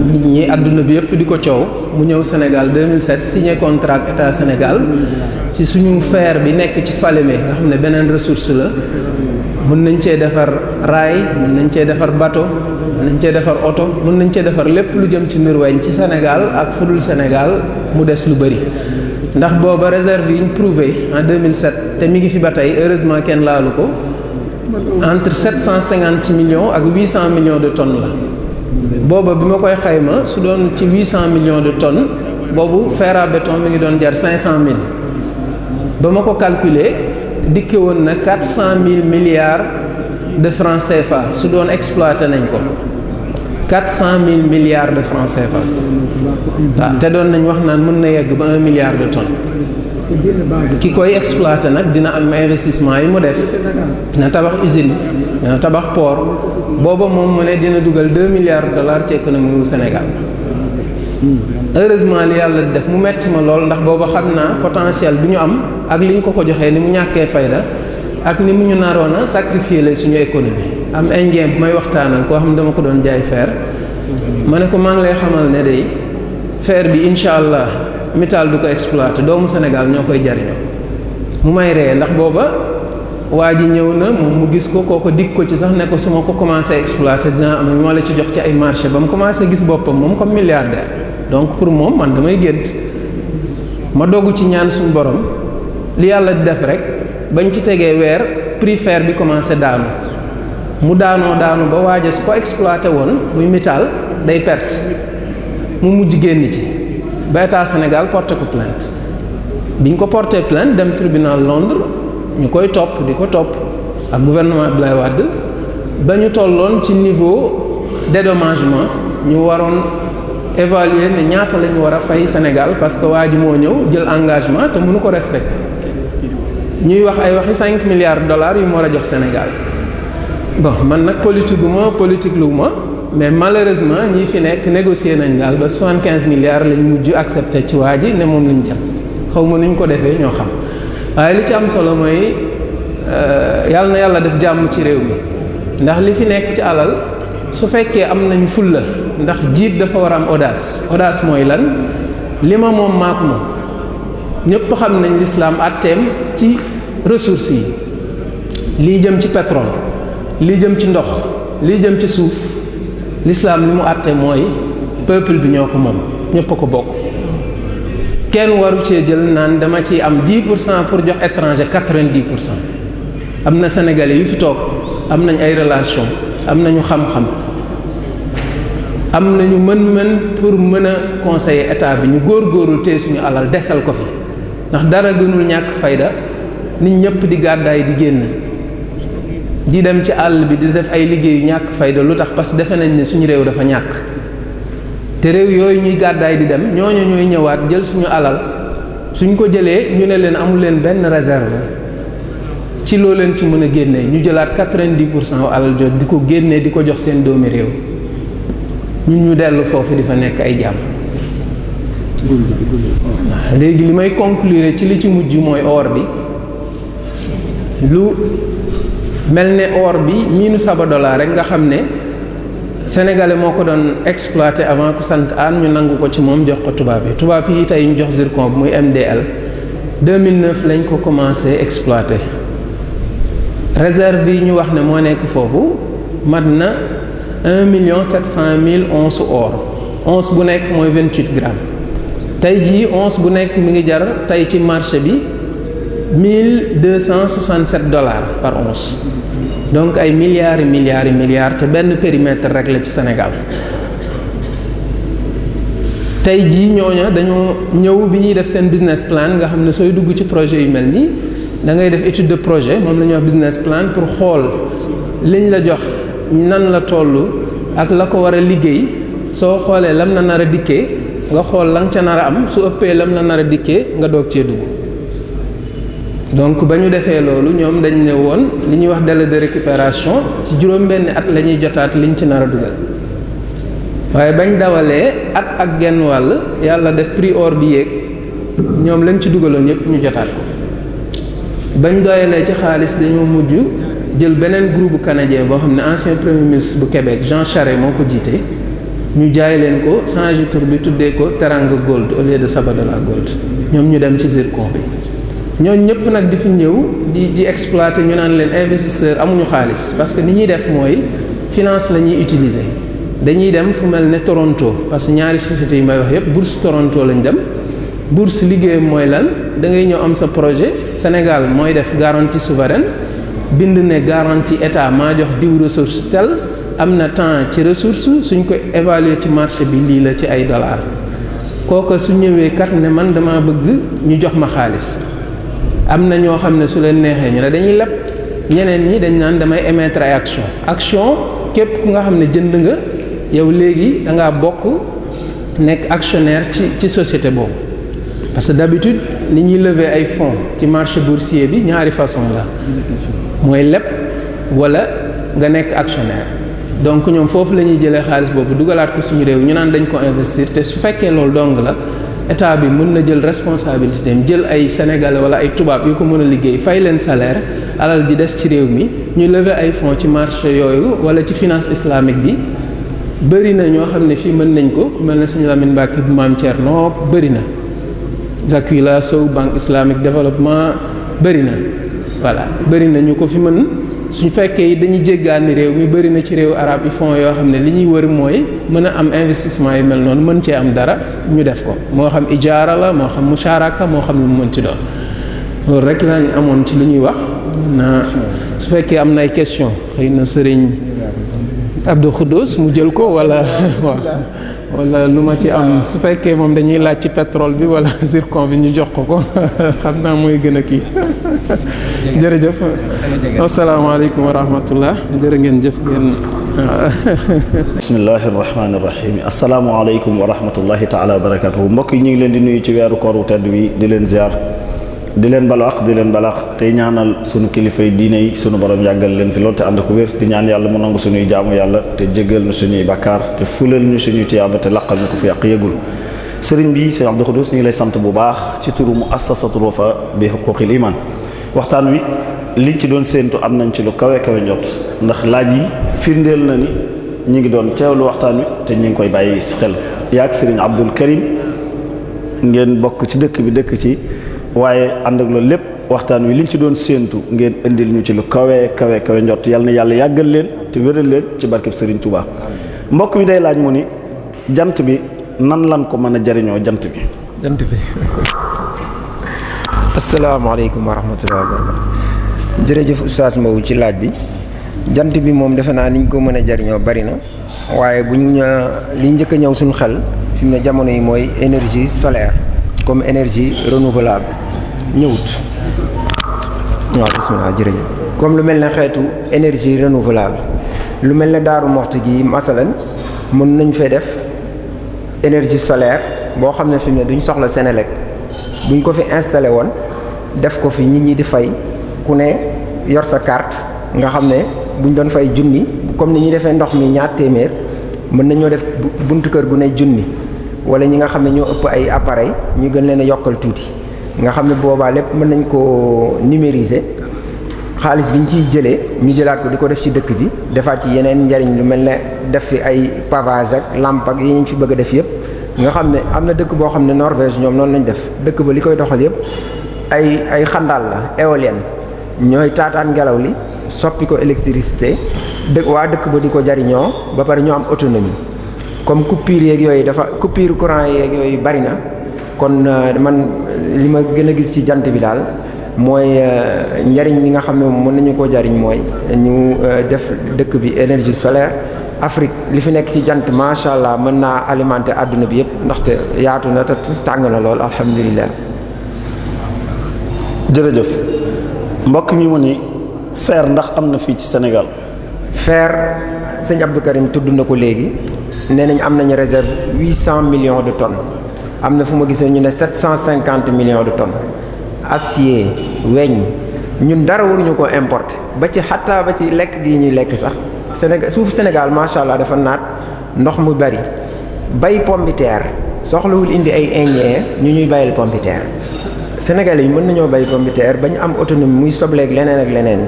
nit ñi àdduna bi yëpp di ko coow mu ñëw Sénégal 2007 signé contrat état Sénégal ci suñu fer bi nekk ci Falémé nga xam ne beneen ressource la mën nañ cee defar raay mën nañ cee defar bateau mën nañ cee defar oto mën nañ cee defar lépp lu jëm ci Nurweyn ci Sénégal ak fudul Sénégal mu des lu bëri ndax booba réserve yi ñu prouvé en 2007 te mi ngi fi ba tey heureusement kenn laalu ko entre 750 millions ak 800 millions de tonne la booba bi ma koy xayma su doon ci huit cent millions de tonnes boobu fer à béton mi ngi doon jar cinq cent mille ba ma ko calculer dikke woon na quatre cent mille milliards de francs CFA su doon exploité nañ ko quatre cent mille milliards de francs CFA waaw te doon nañ wax naan mën na yegg ba un milliard de ton ki koy exploité nag dina am investissement yi mu def na tabax usine dana euh, tabax port booba moom mu ne dina dugal deux milliards de dollars ci économie wu Sénégal hmm. heureusement li yàlla def mu metti ma lool ndax booba xam naa potentiel bi ñu am ak li ñu ko ko joxee ni mu ñàkkee fayda ak ni mu ñu naroon a sacrifier la suñu économie am indien bu may waxtaanal koo xam ne dama ko doon jaay fer ma ne ko maa lay xamal ne day fer bi incha allah métal du ko exploiter doomu Sénégal ñoo koy jariñoo mu may ree ndax booba waa ji ñëw na moom mu gis ko kooko dig ko ci sax ne ko su ma ko commencé exploité dinaa am moo la ci jox ci ay marché ba mu commencé gis boppam moom comme milliardaire donc pour moom man damay gént ma dogg ci ñaan suñu borom li yàlla di def rek bañ ci tegee weer prix fer bi commencé daanu mu daanoo daanu ba waaja su ko exploité woon muy métal day perte mu mujj génn ci ba état porte porté ko plainte biñ ko porté plainte dem tribunal Londres ñu koy topp di ko topp ak gouvernement lay wàdd ba ñu tolloon ci niveau dédommagement ñu waroon évaluer ne ñaata la ñu war a fay Sénégal parce que waa ji moo ñëw jël engagement te mënu ko respecter ñuy wax ay waxi cinq milliards dollars yu mu war a jox Sénégal bon man nag politique gu politique lu ma mais malheureusement ñi fi nekk négocier nañ daal ba soixante quinze milliards lañ mujj accepté ci waa ji ne moom lañ jël xaw ma nuñ ko defee ñoo xam. waaye li ci am solo mooy euh, yàlla na yàlla def jàmm ci réew mi ndax li fi nekk ci alal su fekkee am nañu fulla ndax jiit dafa war a am audace audace mooy lan li ma moom maak moom ñëpp xam nañ lislaam àtteem ci ressources yi lii jëm ci petrol lii jëm ci ndox lii jëm ci suuf lislaam li mu àtte mooy peuple bi ñoo ko moom ñëpp a ko bokk kenn waru cee jël naan dama ci am 10 pour cent pour jox étranger 90 pour cent am na sénégalais yu fi toog am nañ ay relation am nañu xam-xam am nañu mën-mën pour mën a conseiller état bi ñu góor-góorlu te suñu alal desal ko fi ndax dara gënul ñàkk fayda nit ñëpp di gàddaay di génn di dem ci àll bi di def ay liggéeyu ñàkk fayda lu tax parce que defe nañ ne suñu réew dafa ñàkk te réew yooyu ñuy gàddaay di dem ñooñu ñooy ñëwaat jël suñu alal suñ ko jëlee ñu ne leen amul leen benn réserve ci loo leen ci mën a génnee ñu jëlaat quatre-vingt-dix pour cent alal jot di ko génnee di ko jox seen doomi réew ñun ñu dellu foofu di fa nekk ay jàmm. léegi li may conclure ci li ci mujj mooy or bi lu mel ne or bi miinu saba dollar rek nga xam ne. sénégalais moo ko doon exploité avant ku sant aan ñu nangu ko ci moom jox ko tubaab yi tubaab yi tey ñu jox zircon bi muy MDL 2009 lañ ko commencé exploité réserve yi ñu wax ne moo nekk foofu mat na 1 million 700 mille once or once bu nekk mooy 28 grammes tey jii bu nekk mu ngi jar tey ci marché bi. mille deux cent soixante sept dollars par once donc ay milliards et milliare et te benn périmètre rek la ci Sénégal tey jii ñooña dañoo ñëw bi ñuy def seen business plan nga xam ne sooy dugg ci projet yu mel nii dangay def étude de projet moom la ñuy wax business plan pour xool liñ la jox nan la toll ak la ko war a liggéey soo xoolee lam la nar a dikkee nga xool lan ca nar a am su ëppee lam la nar a dikkee nga doog cee dugg. donc ba ñu defee loolu ñoom dañ ne woon li ñuy wax délai de récupération ci juróom-benn at la ñuy jotaat liñ ci nar a dugal waaye bañ dawalee at ak genn wàll yàlla def prix or bi yéeg ñoom lañ ci dugaloon yépp ñu jotaat ko bañ doyalee ci xaalis dañoo mujj jël beneen groupe canadien boo xam ne ancien premier ministre bu Québec Jean Charest moo ko jiite ñu jaay leen ko changé tur bi tuddee ko Teranga Gold au lieu de Sabodala Gold ñoom ñu dem ci zircon bi. ñooñu ñëpp nag di fi ñëw di di exploiter ñu naan leen investisseur amuñu xaalis parce que ni ñuy def mooy finance la ñuy utiliser dañuy dem fu mel ne Toronto parce que ñaari sociétés yi may wax yëpp bourse Toronto lañ dem bourse liggéeyam mooy lan da ngay ñëw am sa projet Sénégal mooy def garantie souveraine bind ne garantie état maa jox diw ressource tel am na temps ci ressource suñ ko évaluer ci marché bi lii la ci ay dollars kooku su ñëwee kat ne man dama bëgg ñu jox ma xaalis. am na ñoo xam ne su leen neexee ñu ne dañuy leb ñeneen ñi dañ naan damay émettre ay action action képp ku nga xam ne jënd nga yow léegi da ngaa bokk nekk actionnaire ci ci société boobu parce que d'habitude ni ñuy lever ay fonds ci marché boursier bi ñaari façon la mooy leb wala nga nekk actionnaire donc ñoom foofu la ñuy jëlee xaalis boobu dugalaat ko suñu réew ñu naan dañ ko investir te su fekkee loolu dong la état bi mën na jël responsabilité dem jël ay sénégalais wala ay tubaab yu ko mën a liggéey fay leen salaire alal di des ci réew mi ñu lever ay fonds ci marché yooyu wala ci finance islamique bi bëri na ñoo xam ne fii mën nañ ko mel na suñu Lamine Mbacke bu maam Thierno bëri na Zakila Sow banque islamique développement bëri na voilà bëri na ñu ko fi mën su fekkee dañuy jéggaani réew mi bëri na ci réew arab yi fonds yoo xam ne li ñuy wër mooy mën a am investissement yi mel noonu mën cee am dara ñu def ko moo xam ijaara la moo xam musharaka moo xam lu mu mën ci doon loolu rek lañ amoon ci li ñuy wax na su fekkee am na ay question xëy na sëriñ Abdou mu jël ko wala [laughs] waaw wala lu ma ci am su fekkee moom dañuy laaj ci pétrole bi wala [laughs] zircon bi ñu jox ko ko [laughs] xam naa muy gën a kii [laughs] jërëjëf asalaamaaleykum wa rahmatullah jërë ngeen jëf ngeen bismillahi rahmaani rahim asalaamaaleykum wa rahmatullahi taala wa barakatuhu mbokk yi ñu ngi leen di nuyu ci weeru koor wi di leen ziar di leen balu ak di leen balaax tey ñaanal sunu kilifay diine yi sunu borom yàggal leen fi loolu te ànd ko wér di ñaan yàlla mu nangu suñuy jaamu yàlla te jégal ñu suñuy bakkaar te fulal ñu suñuy tiyaaba te laqal ñu ko fi yàq yëgul sëriñ bi sëriñ Abdou Khoudous ñu lay sant bu baax ci turu mu assasatul wafa bi huquqil iman waxtaan wi liñ ci doon séentu am nañ ci lu kawe kawe njot ndax laaj yi firndeel na ni ñu ngi doon teewlu waxtaan wi te ñu ngi koy bàyyi xel yaag sëriñ Abdul Karim ngeen bokk ci dëkk bi dëkk ci waaye ànd ak loolu lépp waxtaan wi liñ ci doon séentu ngeen indil ñu ci lu kawee kawe kawe njott yal na yàlla yàggal leen te wéral leen ci barkeb seriñ Touba mbokk bi day laaj mu ni jant bi nan lan ko mën a jariñoo jant bi jant bi [laughs] asalaamaaleykum wa rahmatullahi wa jërëjëf oustaz ci laaj bi jant bi moom defe naa niñ ko mën a jariñoo bari na waaye buñ li njëkk a ñëw suñu xel fi mu ne jamono yi mooy énergie solaire comme énergie renouvelable ñëwut waaw comme lu mel ne xeetu énergie renouvelable lu mel ne daaru moxti gi masalan mën nañ fee def énergie solaire boo xam ne fi mu ne duñ soxla Senelec buñ ko fi installé woon def ko fi nit ñi di fay ku ne yor sa carte nga xam ne buñ doon fay junni comme ni ñuy defee ndox mi ñaar téeméer mën nañoo def buntu kër gu ne junni wala ñi nga xam ne ñoo ëpp ay appareil ñu gën leen a yokkal tuuti nga xam ne boobaa lépp mën nañ koo numériser xaalis bi ñu ciy jëlee ñu jëlaat ko di ko def ci dëkk bi defaat ci yeneen njariñ lu mel ne def fi ay pavage ak lampe ak yi ñu fi bëgg a def yépp nga xam ne am na dëkk boo xam ne Norvège ñoom noonu lañ def dëkk ba li koy doxal yépp ay ay xandaal la éolienne ñooy taataan ngelaw li soppi ko électricité dëkk waa dëkk ba di ko jariñoo ba pare ñoo am autonomie comme coupure yeeg yooyu dafa coupure courant yeeg yooyu bari na kon euh, man li ma gën a gis ci jant bi daal mooy euh, njariñ bi nga xam ne mën nañu ko jariñ mooy ñu euh, def dëkk bi énergie solaire Afrique li fi nekk ci jant macha allah mën naa alimenter àdduna bi yëpp ndaxte yaatu na te tàng na lool alhamdulilah. jërëjëf mbokk mi mu ni fer ndax am na fii ci Sénégal. fer. sëñ Abdou Karim tudd na ko léegi nee nañ am nañu réserve huit cent millions de tonnes am na fu ma gisee ñu ne sept cent cinquante millions de tonnes acier weñ ñun dara waruñu ko importe ba ci xattaa ba ci lekk gi ñuy lekk sax Sénégal suuf Sénégal macha allah dafa naat ndox mu bari bay pompiteer soxlawul indi ay indien ñu ñuy bayal pompiteer Sénégalais yi mën nañoo bay pompiteer ba ñu am autonomie muy sobleeg leneen ak leneen.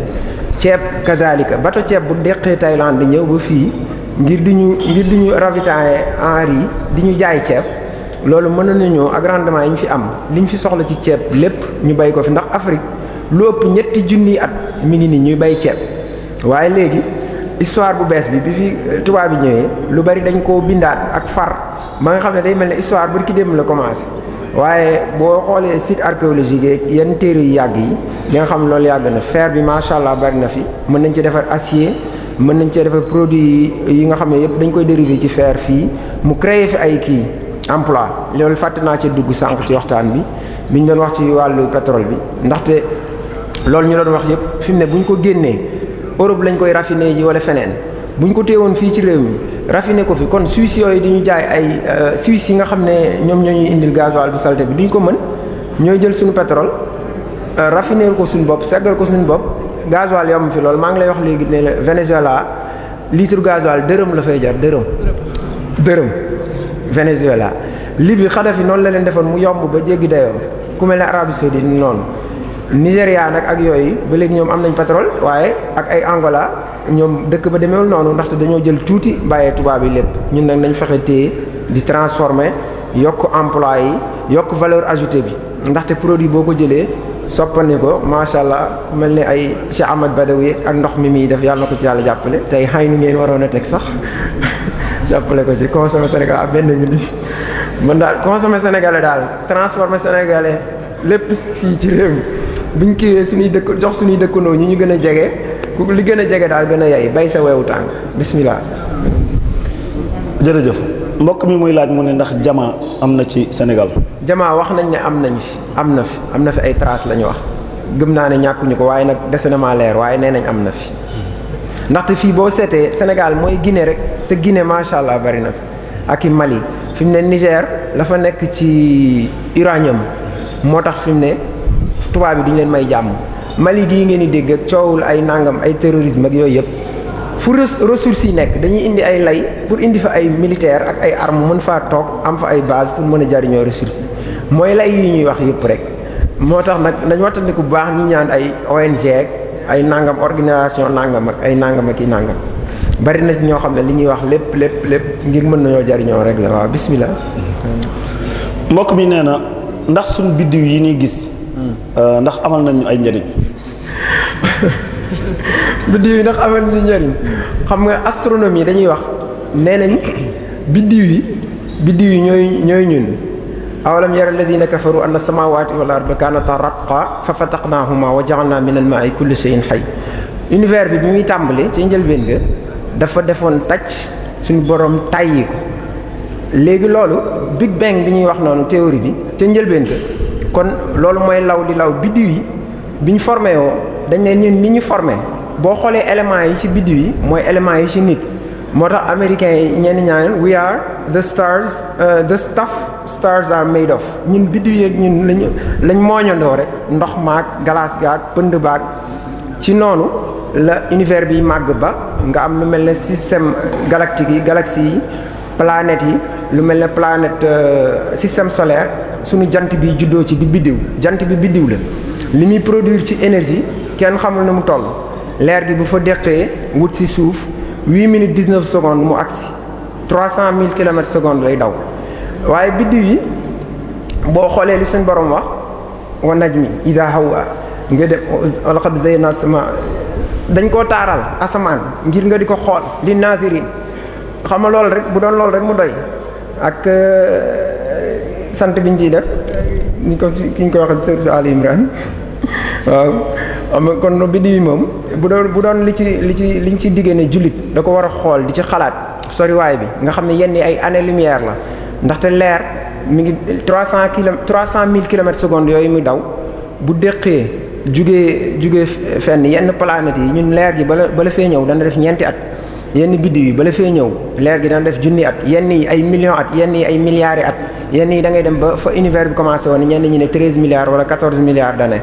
ceeb kazalika bato ceeb bu deqee Thaïlande di ñëw ba fii ngir di ñu ngir di ñu ravitailler di ñu jaay ceeb loolu mën nañoo ak rendement yi ñu fi am liñ fi soxla ci ceeb lépp ñu bay ko fi ndax Afrique lu ëpp ñetti junniy at mi ngi nii ñuy bay ceeb waaye léegi histoire bu bees bi bi fi euh, tubaab yi ñëwee lu bari dañ koo bindaat ak far ma nga xam ne day mel ne histoire bu ki dem la commencé waaye boo xoolee site archéologique yeeg yenn téere yu yàgg yi di nga xam loolu yàgg na fer bi macha allah bari na fi mën nañ ci defar acier mën nañ cee defar produit yi nga xam ne yëpp dañ koy dérivé ci fer fii mu créé fi ay kii emploi loolu fàtte naa ci dugg sànq ci waxtaan bi biñ doon wax ci wàllu pétrole bi ndaxte loolu ñu doon wax yëpp fi mu ne bu ñu ko génnee Europe lañ koy raffiné ji wala feneen. bu ñu ko téewoon fii ci réew mi raffiné ko fi kon Suisse yooyu di ñu jaay ay euh, Suisse yi nga xam ne ñoom ñoo ñuy indil gasoil bu salté bi duñu ko mën ñooy jël suñu pétrole euh, raffiné ko suñu bopp seggal ko suñu bopp gasoil yomb fi lool maa ngi lay wax léegi ne la Venezuela litre gasoil dërëm la fay jar dërëm. dërëm Venezuela Libye Kadhafi noonu la leen defoon mu yomb ba jéggi dayoo ku mel ne Arabie noonu Nigéria nag ak yooyu ba léegi ñoom am nañ pétrole waaye ak ay Angola. ñoom dëkk ba demeewul noonu ndaxte dañoo jël tuuti bàyyee tubaab yi lépp ñun nag nañ fexe téye di transformer yokk emploi yi yokk valeur ajoutée bi ndaxte produit boo ko jëlee soppandi ko macha allah ku mel ni ay Cheikh Ahmad Badawi ak ndox mi muy def yàlla na ko ci yàlla jàppale tey xay nu ngeen waroon a teg sax [laughs] jàppale ko ci consommer Sénégal ak ah, benn minute mën daal consommer sénégalais daal transformer sénégalais lépp fii ci réew mi buñ kiiwee suñuy dëkk jox suñuy dëkkandoo ñi ñu gën a jege. ku li gën a jege daal gën a yay bay sa wewu tàng bismillah jërëjëf mbokk mi muy laaj mu ne ndax jamaa am na ci Sénégal jamaa wax nañ ne am nañ fi am na fi am na fi ay traces la ñu wax gëm naa ne ñàkkuñu ko waaye nag dese na maa leer waaye nee nañ am na fi ndaxte fii boo seetee senegal mooy gine rek te gine macha allah bari na fi ak i Mali fi ne Niger la fa nekk ci uranium moo tax fi ne tubaab bi duñu leen may jàmm Mali gii ngeen di dégg ak coowul ay nangam ay terrorisme ak yooyu yëpp fu ressources yi nekk dañuy indi ay lay pour indi fa ay militaire ak ay armes mën faa toog am fa ay base pour mën a jariñoo ressources yi mooy lay yi ñuy wax yëpp rek moo tax nag nañ waxtaan ku baax ñu ñaan ay ONG ak ay nangam organisation nangam ak ay nangam ak i nangam bari na ci ñoo xam ne li ñuy wax lépp lépp lépp ngir mën nañoo jariñoo rek la waaw bismillah mbokk mi nee na yi ñuy gis Euh, ndax amal nañu ay njariñ biddiw yi ndax amal nañu njariñ xam nga astronomie dañuy wax nee nañ biddiw yi biddiw yi ñooy ñooy ñun awalam yara alladina kafaru anna samawati wal arda kanata ratqa fa fataqnahuma wa ja'alna min al ma'i kulli shay'in hayy univers bi bi muy tàmbali ci njëlbeen nga dafa defoon tàcc suñu borom tàyyi ko léegi loolu big bang bi ñuy wax noonu théorie bi ca njëlbeen ga kon loolu mooy law di law biddiw yi bi ñu formé woo dañ ne ñun ni ñu formé boo xoolee éléments yi ci biddiw yi mooy éléments yi ci nit moo tax américains yi ñenn ñaan we are the stars uh, the stuff stars are made of ñun biddiw yeeg ñun lañu lañ mooñandoo rek ndox maa maag galaas gaag pënd baag ci noonu la univers bi màgg ba nga am lu mel ne système galactique yi galaxie yi planètes yi lu mel ne planète euh, système solaire suñu jant bi juddoo ci di biddiw jant bi biddiw la li muy produire ci énergie kenn xamul na mu toll leer gi bu fa deqee wut si suuf 8 minutes 19 secondes mu agsi 300 000 kilomètres secondes lay daw waaye biddiw yi boo xoolee li suñ borom wax wa najmi ida hawa nga dem walaqad zayyana sama dañ ko taaral asamaan ngir nga di ko xool li nazirin xam nga loolu rek bu doon loolu rek mu doy ak euh, sant biñ ciy def ñu ko ci ki ñu koy wax surtout Ali Imran [laughs] waaw am kon biddi bi moom bu doon bu doon li ci li ci liñ ci diggee ne jullit da ko war a xool di ci xalaat soriwaay bi nga xam ne yenn ay année lumière la ndaxte leer mi ngi trois cent kilomètres trois cent mille kilomètres secondes yooyu muy daw bu déqee jugee jugee fenn yenn planètes yi ñun leer gi bala bala fee ñëw dana def ñeenti at. yenn biddiw yi bala fee ñëw leer gi daan def junni at yenn yi ay millions at yenn yi ay milliards at yenn yi da ngay dem ba fa univers bi commencé woon ñenn ñi ne treize milliards wala quatorze milliards d'années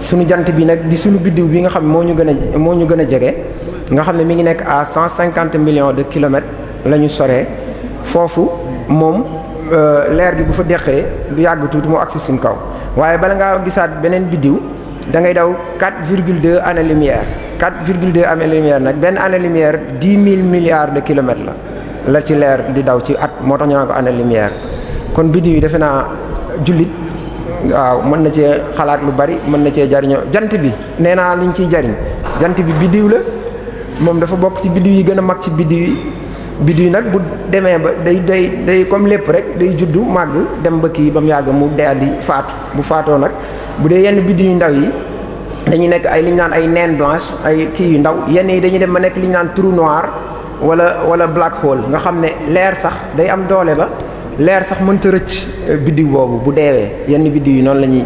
suñu jant bi nag di suñu biddiw bi nga xam moo ñu gën a moo ñu gën a jege nga xam ne mi ngi nekk à cent cinquante millions de kilomètres la ñu soree foofu moom euh, leer gi bu fa deqee du yàgg tuuti mu agsi suñ kaw waaye bala ngaa gisaat beneen biddiw da ngay daw quatre virgule deux années lumière quatre virgule deux année lumière nag benn année lumière dix mille milliards de kilomètres la la ci leer di daw ci at moo tax ñu naan ko année lumière kon biddiw yi defe naa jullit waaw mën na cee xalaat lu bari mën na cee jariñoo jant bi nee naa liñ ciy jariñ jant bi biddiw la moom dafa bokk ci biddiw yi gën a mag ci biddiw yi biddiw yi nag bu demee ba day day day comme lépp rek day juddu màgg dem ba kii ba mu yàgg mu daldi faatu bu faatoo nag bu dee yenn biddiw yu ndaw yi. dañuy nekk ay li naan ay nen blanche ay kii yu ndaw yenn yi dañuy dem ba nekk li ñu naan trou noir wala wala black hole nga xam ne leer sax day am doole ba leer sax mënta rëcc eh, biddiw boobu bu deewee yenn biddiw yi noonu la ñuy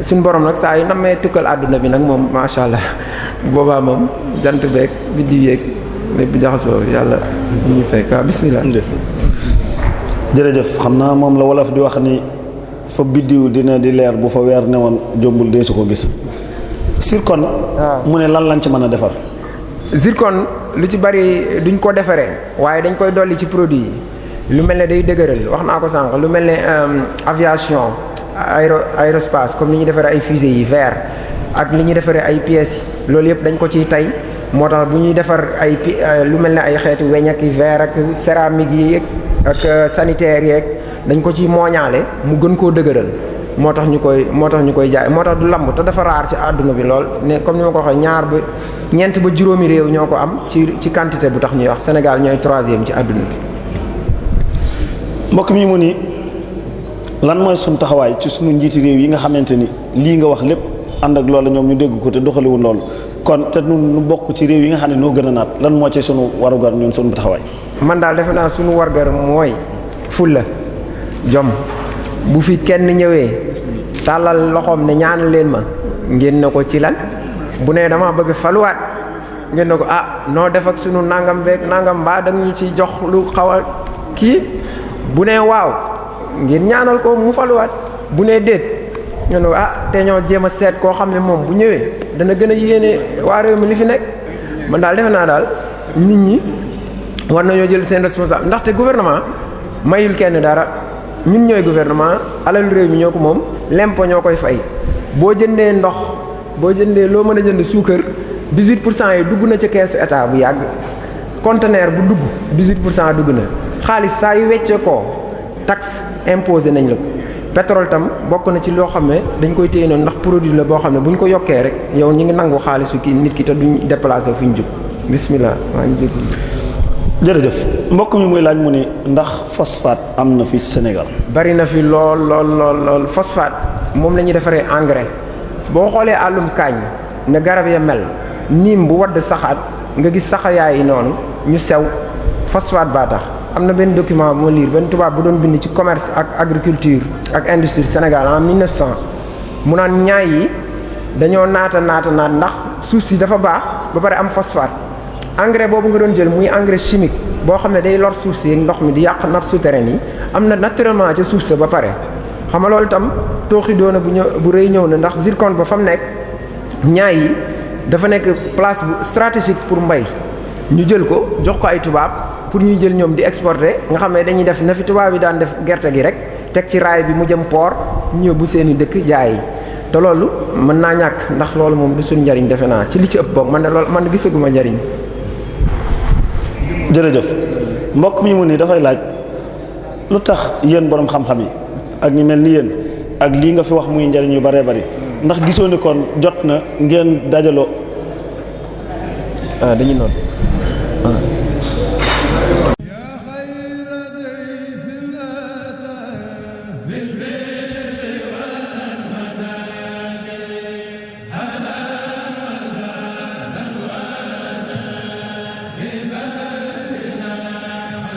suñu borom nag saa yu namee tukkal àdduna bi nag moom macha allah [laughs] boobaa moom jant beeg biddiw yeeg lépp jaxasoo yàlla ñu fekk waaw bismillah jërëjëf xam naa moom la wolof di wax ni fa biddiw dina di leer bu fa weer ne jombul dee su ko gis zircon. Ah. mu ne lan lañ ci mën a defar. zircon lu ci bari duñ ko defaree waaye dañ koy dolli ci produit yi lu mel ne day dëgëral wax naa ko sànq lu mel ne euh, aviation aéro aérospace comme ni ñuy defare ay fusées yi verre ak li ñuy defaree ay pièces yi loolu yëpp dañ ko ciy tey moo tax bu ñuy defar ay pi euh, lu mel ne ay xeetu weñ ak i ak céramique yi ak euh, sanitaire yeeg dañ ko ciy mooñaale mu gën koo dëgëral. moo tax ñu koy moo tax ñu koy jaay moo tax du lamb te dafa raar ci àdduna bi lool ne comme ni ma ko waxee ñaar ba ñeent ba juróomi réew ñoo ko am ci ci quantité bu tax ñuy wax Sénégal ñooy troisième ci àdduna bi. mbokk mi mu nii lan mooy suñu taxawaay ci suñu njiiti réew yi nga xamante ni lii nga wax lépp ànd ak loolu ñoom ñu dégg ko te doxaliwul loolu kon te nun nu bokk ci réew yi nga xam ne noo gën a naat lan moo ci sunu warugar ñun suñu taxawaay. man daal defe naa sunu wargar mooy fulla jom. bu fi kenn ñëwee tàllal loxoom ne ñaan leen ma ngeen ne ko ci lan bu nee dama bëgg faluwaat ngeen ne ko ah noo def ak sunu nangam beeg nangam mbaa da ñu ci jox lu xaw a kii bu nee waaw ngeen ñaanal ko mu faluwaat bu nee déet ngeen ne ko ah te ñoo jéem a seet koo xam ne moom bu ñëwee dana gën a yéene waa réew mi li fi nekk mën daal defe naa daal nit ñi war nañoo jël seen responsable ndaxte gouvernement mayul kenn dara. ñun ñooy gouvernement alal réew mi ñoo ko moom l'impôt ñoo koy fay boo jëndee ndox boo jëndee loo mën a jënd suukar 18 pour cent yi dugg na ci keesu état bu yàgg conteneur bu dugg 18 pour cent dugg na xaalis saa yu weccee ko taxe imposé nañ la ko pétrole tam bokk na ci loo xam ne dañ koy téye ndax produit la boo xam ne bu ñu ko yokkee rek yow ñu ngi nangu xaalisu kii nit ki te duñ déplacé fu ñu jub bismillah maa ngi jégalu jërëjëf mbokk mi muy laaj mu ni ndax phosphate am na fii ci Sénégal. bari na fi lool lool lool phosphate moom la ñuy defaree engrais boo xoolee àllum kaañ ne garab ya mel niim bu wadd saxaat nga gis saxayaay yi noonu ñu sew phosphate baa tax am na benn document bu ma liir benn tubaab bu doon bind ci commerce ak agriculture ak industrie Sénégal en mu naan ñaay yi dañoo naata naata naat ndax suuf si dafa baax ba pare am phosphate. engrais boobu nga doon jël muy engrais chimique boo xam ne day lor suuf si ndox mi di yàq nappe souterraine yi am na naturellement ca suuf sa ba pare xam nga loolu itam tooxi doona bu ñëw bu rëy ñëw na ndax zircon ba fa nekk ñaay yi dafa nekk place bu stratégique pour mbay ñu jël ko jox ko ay tubaab pour ñuy jël ñoom di exporter nga xam ne dañuy def na fi tubaab yi daan def gerte gi rek teg ci raay bi mu jëm port ñëw bu seeni dëkk jaay te loolu mën naa ñàkk ndax loolu moom du suñ defe naa ci li ci ëpp boobu man de loolu man gisaguma njariñ jërëjëf mbokk mi mu nii dafay laaj lu tax yéen borom xam-xam yi ak ñu mel ni yéen ak lii nga fi wax muy njariñ yu bëree bari ndax gisoo ni kon jot na ngeen dajaloo. ah noonu. Ah.